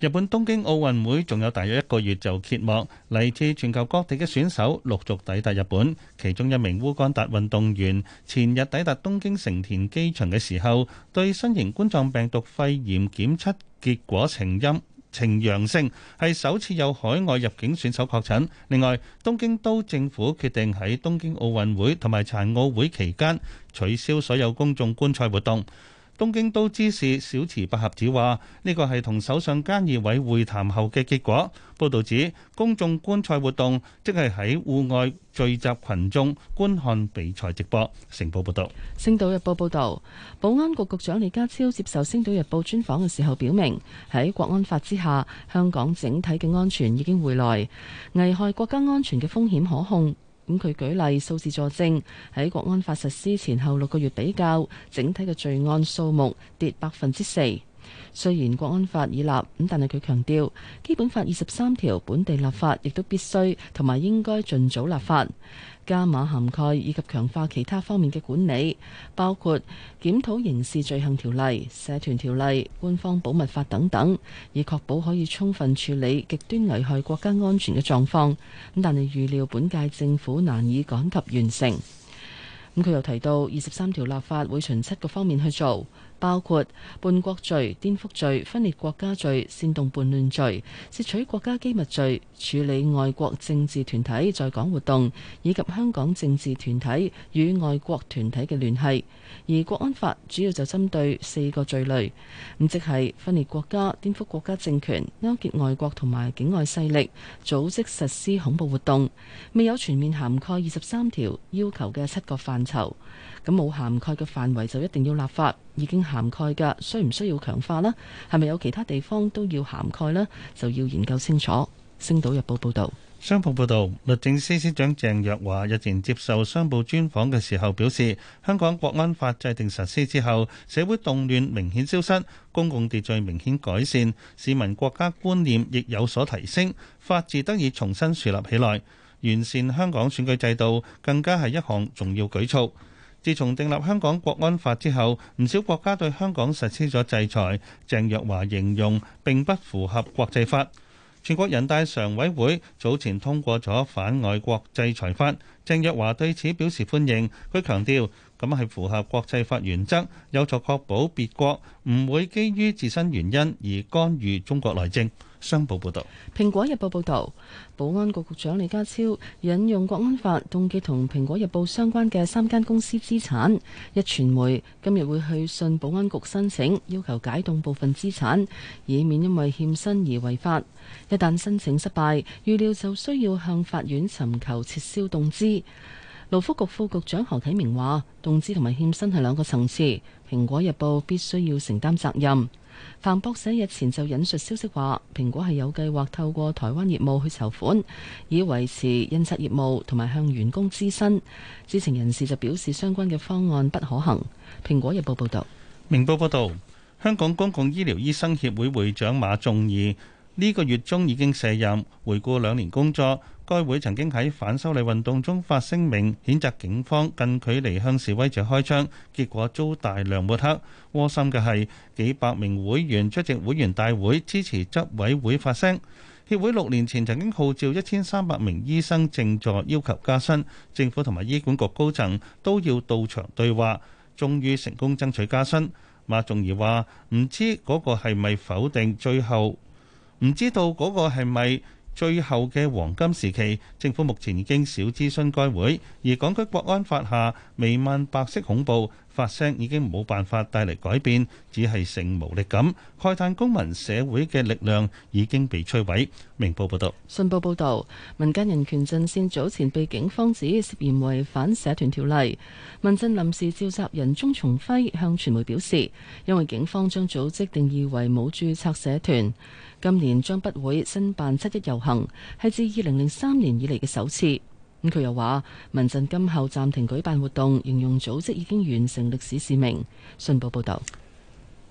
日本東京奧運會仲有大約一個月就揭幕，嚟自全球各地嘅選手陸續抵達日本。其中一名烏干達運動員前日抵達東京成田機場嘅時候，對新型冠狀病毒肺炎檢測結果呈陰呈陽性，係首次有海外入境選手確診。另外，東京都政府決定喺東京奧運會同埋殘奧會期間取消所有公眾觀賽活動。東京都知事小池百合子話：呢個係同首相菅義偉會談後嘅結果。報導指，公眾觀賽活動即係喺戶外聚集群眾觀看比賽直播。成報報導，《星島日報》報道，保安局局長李家超接受《星島日報》專訪嘅時候表明，喺國安法之下，香港整體嘅安全已經回來，危害國家安全嘅風險可控。咁佢舉例數字助證，喺國安法實施前後六個月比較，整體嘅罪案數目跌百分之四。雖然國安法已立，咁但係佢強調《基本法》二十三條本地立法亦都必須同埋應該盡早立法，加碼涵蓋以及強化其他方面嘅管理，包括檢討刑事罪行條例、社團條例、官方保密法等等，以確保可以充分處理極端危害國家安全嘅狀況。咁但係預料本屆政府難以趕及完成。咁佢又提到二十三條立法會循七個方面去做。包括叛國罪、顛覆罪、分裂國家罪、煽動叛亂罪、竊取國家機密罪。處理外國政治團體在港活動，以及香港政治團體與外國團體嘅聯繫。而國安法主要就針對四個罪類，咁即係分裂國家、顛覆國家政權、勾結外國同埋境外勢力、組織實施恐怖活動。未有全面涵蓋二十三條要求嘅七個範疇，咁冇涵蓋嘅範圍就一定要立法。已經涵蓋嘅，需唔需要強化呢？係咪有其他地方都要涵蓋呢？就要研究清楚。星島日報報導，商報報導，律政司司長鄭若驊日前接受商報專訪嘅時候表示，香港國安法制定實施之後，社會動亂明顯消失，公共秩序明顯改善，市民國家觀念亦有所提升，法治得以重新樹立起來。完善香港選舉制度更加係一項重要舉措。自從訂立香港國安法之後，唔少國家對香港實施咗制裁。鄭若驊形容並不符合國際法。全國人大常委會早前通過咗反外國制裁法，鄭若驊對此表示歡迎。佢強調，咁係符合國際法原則，有助確保別國唔會基於自身原因而干預中國內政。商報報道，《蘋果日報》報道，保安局局長李家超引用國安法凍結同《蘋果日報》相關嘅三間公司資產。一傳媒今日會去信保安局申請，要求解凍部分資產，以免因為欠薪而違法。一旦申請失敗，預料就需要向法院尋求撤銷凍資。勞福局副局長何啟明話，凍資同埋欠薪係兩個層次，《蘋果日報》必須要承擔責任。彭博社日前就引述消息話，蘋果係有計劃透過台灣業務去籌款，以維持印刷業務同埋向員工支薪。知情人士就表示相關嘅方案不可行。蘋果日報報道：「明報報道，香港公共醫療醫生協會會長馬仲義呢、這個月中已經卸任，回顧兩年工作。該會曾經喺反修例運動中發聲明譴責警方近距離向示威者開槍，結果遭大量抹黑。窩心嘅係幾百名會員出席會員大會支持執委會發聲。協會六年前曾經號召一千三百名醫生正在要求加薪，政府同埋醫管局高層都要到場對話，終於成功爭取加薪。馬仲儀話唔知嗰個係咪否定，最後唔知道嗰個係咪。最後嘅黃金時期，政府目前已經少諮詢該會，而《港區國安法》下瀰漫白色恐怖發聲已經冇辦法帶嚟改變，只係成無力感。慨嘆公民社會嘅力量已經被摧毀。明報報道。信報報道，民間人權陣線早前被警方指涉嫌違反社團條例，民陣臨時召集人鍾崇輝向傳媒表示，因為警方將組織定義為冇註冊社團。今年將不會申辦七一遊行，係自二零零三年以嚟嘅首次。咁佢又話：民陣今後暫停舉辦活動，形容組織已經完成歷史使命。信報報道。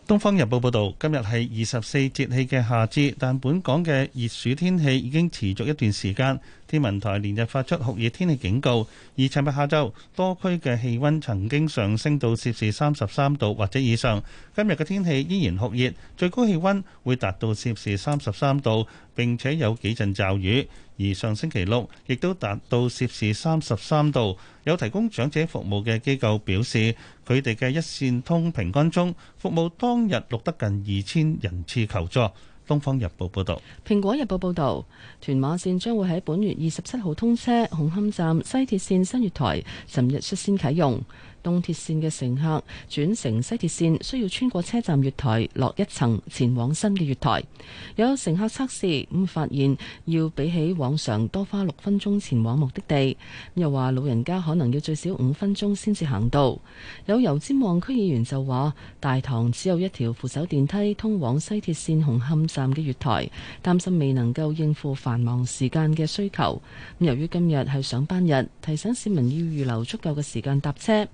《東方日報》報道，今日係二十四節氣嘅夏至，但本港嘅熱暑天氣已經持續一段時間。天文台連日發出酷熱天氣警告，而尋日下晝多區嘅氣温曾經上升到攝氏三十三度或者以上。今日嘅天氣依然酷熱，最高氣温會達到攝氏三十三度，並且有幾陣驟雨。而上星期六亦都達到攝氏三十三度。有提供長者服務嘅機構表示，佢哋嘅一線通平安鐘，服務當日錄得近二千人次求助。《東方日報》報導，《蘋果日報》報導，屯馬線將會喺本月二十七號通車，紅磡站西鐵線新月台尋日率先啟用。東鐵線嘅乘客轉乘西鐵線，需要穿過車站月台落一層前往新嘅月台。有乘客測試咁，發現要比起往常多花六分鐘前往目的地。又話老人家可能要最少五分鐘先至行到。有油尖旺區議員就話，大堂只有一條扶手電梯通往西鐵線紅磡站嘅月台，擔心未能夠應付繁忙時間嘅需求。由於今日係上班日，提醒市民要預留足夠嘅時間搭車。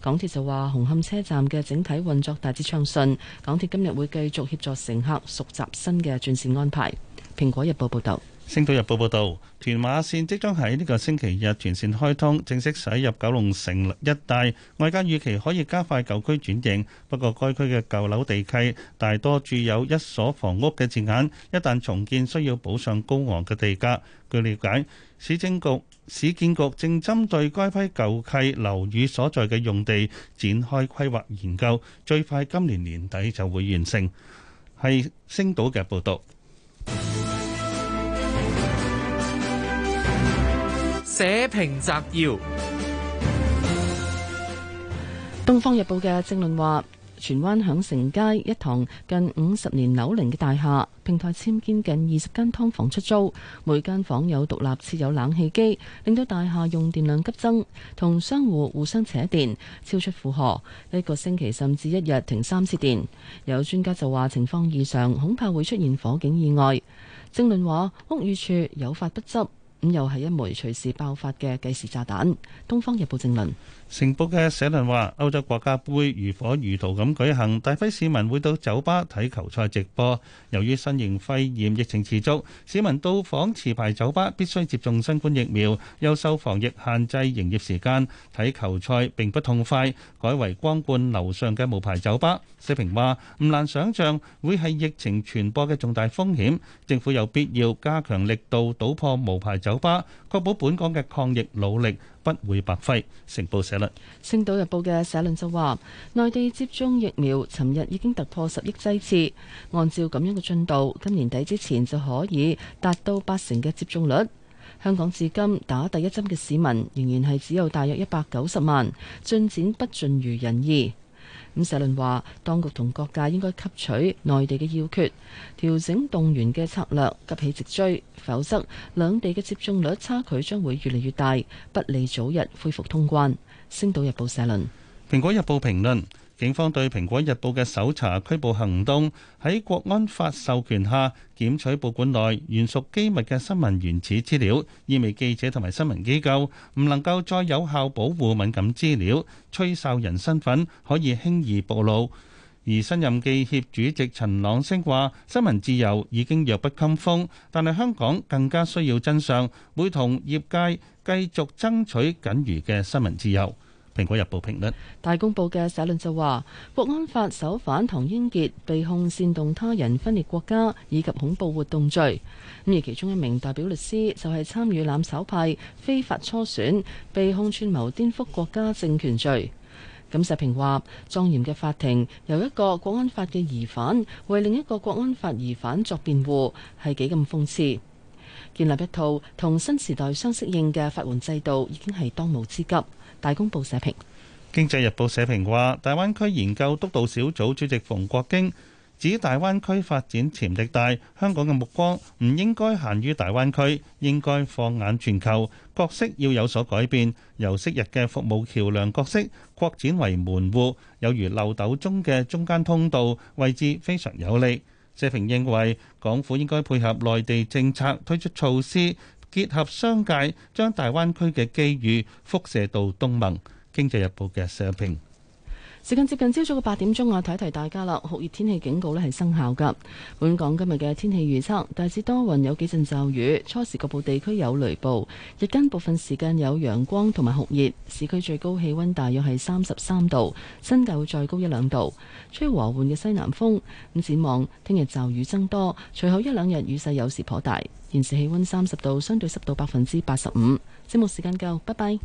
港鐵就話紅磡車站嘅整體運作大致暢順，港鐵今日會繼續協助乘客熟習新嘅轉線安排。蘋果日報報導，星島日報報道，屯馬線即將喺呢個星期日全線開通，正式駛入九龍城一帶，外界預期可以加快舊區轉型。不過，該區嘅舊樓地契大多住有一所房屋嘅字眼，一旦重建需要補上高昂嘅地價。據了解。市政局、市建局正針對該批舊契樓宇所在嘅用地展開規劃研究，最快今年年底就會完成。係星島嘅報道，社評摘要，《東方日報》嘅正論話。荃灣享成街一幢近五十年樓齡嘅大廈，平台僭建近二十間劏房出租，每間房有獨立設有冷氣機，令到大廈用電量急增，同商戶互相扯電，超出負荷。呢個星期甚至一日停三次電。有專家就話情況異常，恐怕會出現火警意外。正論話屋宇署有法不執，咁又係一枚隨時爆發嘅計時炸彈。《東方日報》正論。成報嘅社論話：歐洲國家杯如火如荼咁舉行，大批市民會到酒吧睇球賽直播。由於新型肺炎疫情持續，市民到訪持牌酒吧必須接種新冠疫苗，又受防疫限制營業時間。睇球賽並不痛快，改為光顧樓上嘅無牌酒吧。社評話：唔難想像會係疫情傳播嘅重大風險，政府有必要加強力度搗破無牌酒吧，確保本港嘅抗疫努力，不會白費。成報社論，《星島日報》嘅社論就話，內地接種疫苗，尋日已經突破十億劑次，按照咁樣嘅進度，今年底之前就可以達到八成嘅接種率。香港至今打第一針嘅市民，仍然係只有大約一百九十萬，進展不盡如人意。咁社論話，當局同各界應該吸取內地嘅要訣，調整動員嘅策略，急起直追，否則兩地嘅接種率差距將會越嚟越大，不利早日恢復通關。星島日報社論，蘋果日報評論。警方對《蘋果日報》嘅搜查拘捕行動，喺國安法授權下，檢取報館內原屬機密嘅新聞原始資料，意味記者同埋新聞機構唔能夠再有效保護敏感資料，吹哨人身份可以輕易暴露。而新任記協主席陳朗昇話：新聞自由已經弱不禁風，但係香港更加需要真相，會同業界繼續爭取僅餘嘅新聞自由。《蘋果日報》評論大公報嘅社論就話，國安法首犯唐英傑被控煽動他人分裂國家以及恐怖活動罪。咁而其中一名代表律師就係參與攬炒派非法初選，被控串謀顛覆國家政權罪。咁石平話，莊嚴嘅法庭由一個國安法嘅疑犯為另一個國安法疑犯作辯護，係幾咁諷刺。建立一套同新時代相適應嘅法援制度，已經係當務之急。大公報社評，《經濟日報》社評話：大灣區研究督導小組主席馮國經指，大灣區發展潛力大，香港嘅目光唔應該限於大灣區，應該放眼全球，角色要有所改變，由昔日嘅服務橋梁角色擴展為門戶，有如漏斗中嘅中間通道，位置非常有利。社評認為，港府應該配合內地政策推出措施。結合商界，將大灣區嘅機遇輻射到東盟。經濟日報嘅社評。時間接近朝早嘅八點鐘啊，提提大家啦，酷熱天氣警告咧係生效噶。本港今日嘅天氣預測大致多雲，有幾陣驟雨，初時局部地區有雷暴，日間部分時間有陽光同埋酷熱。市區最高氣溫大約係三十三度，新界會再高一兩度，吹和緩嘅西南風。咁展望聽日驟雨增多，隨後一兩日雨勢有時頗大。現時氣溫三十度，相對濕度百分之八十五。節目時間夠，拜拜。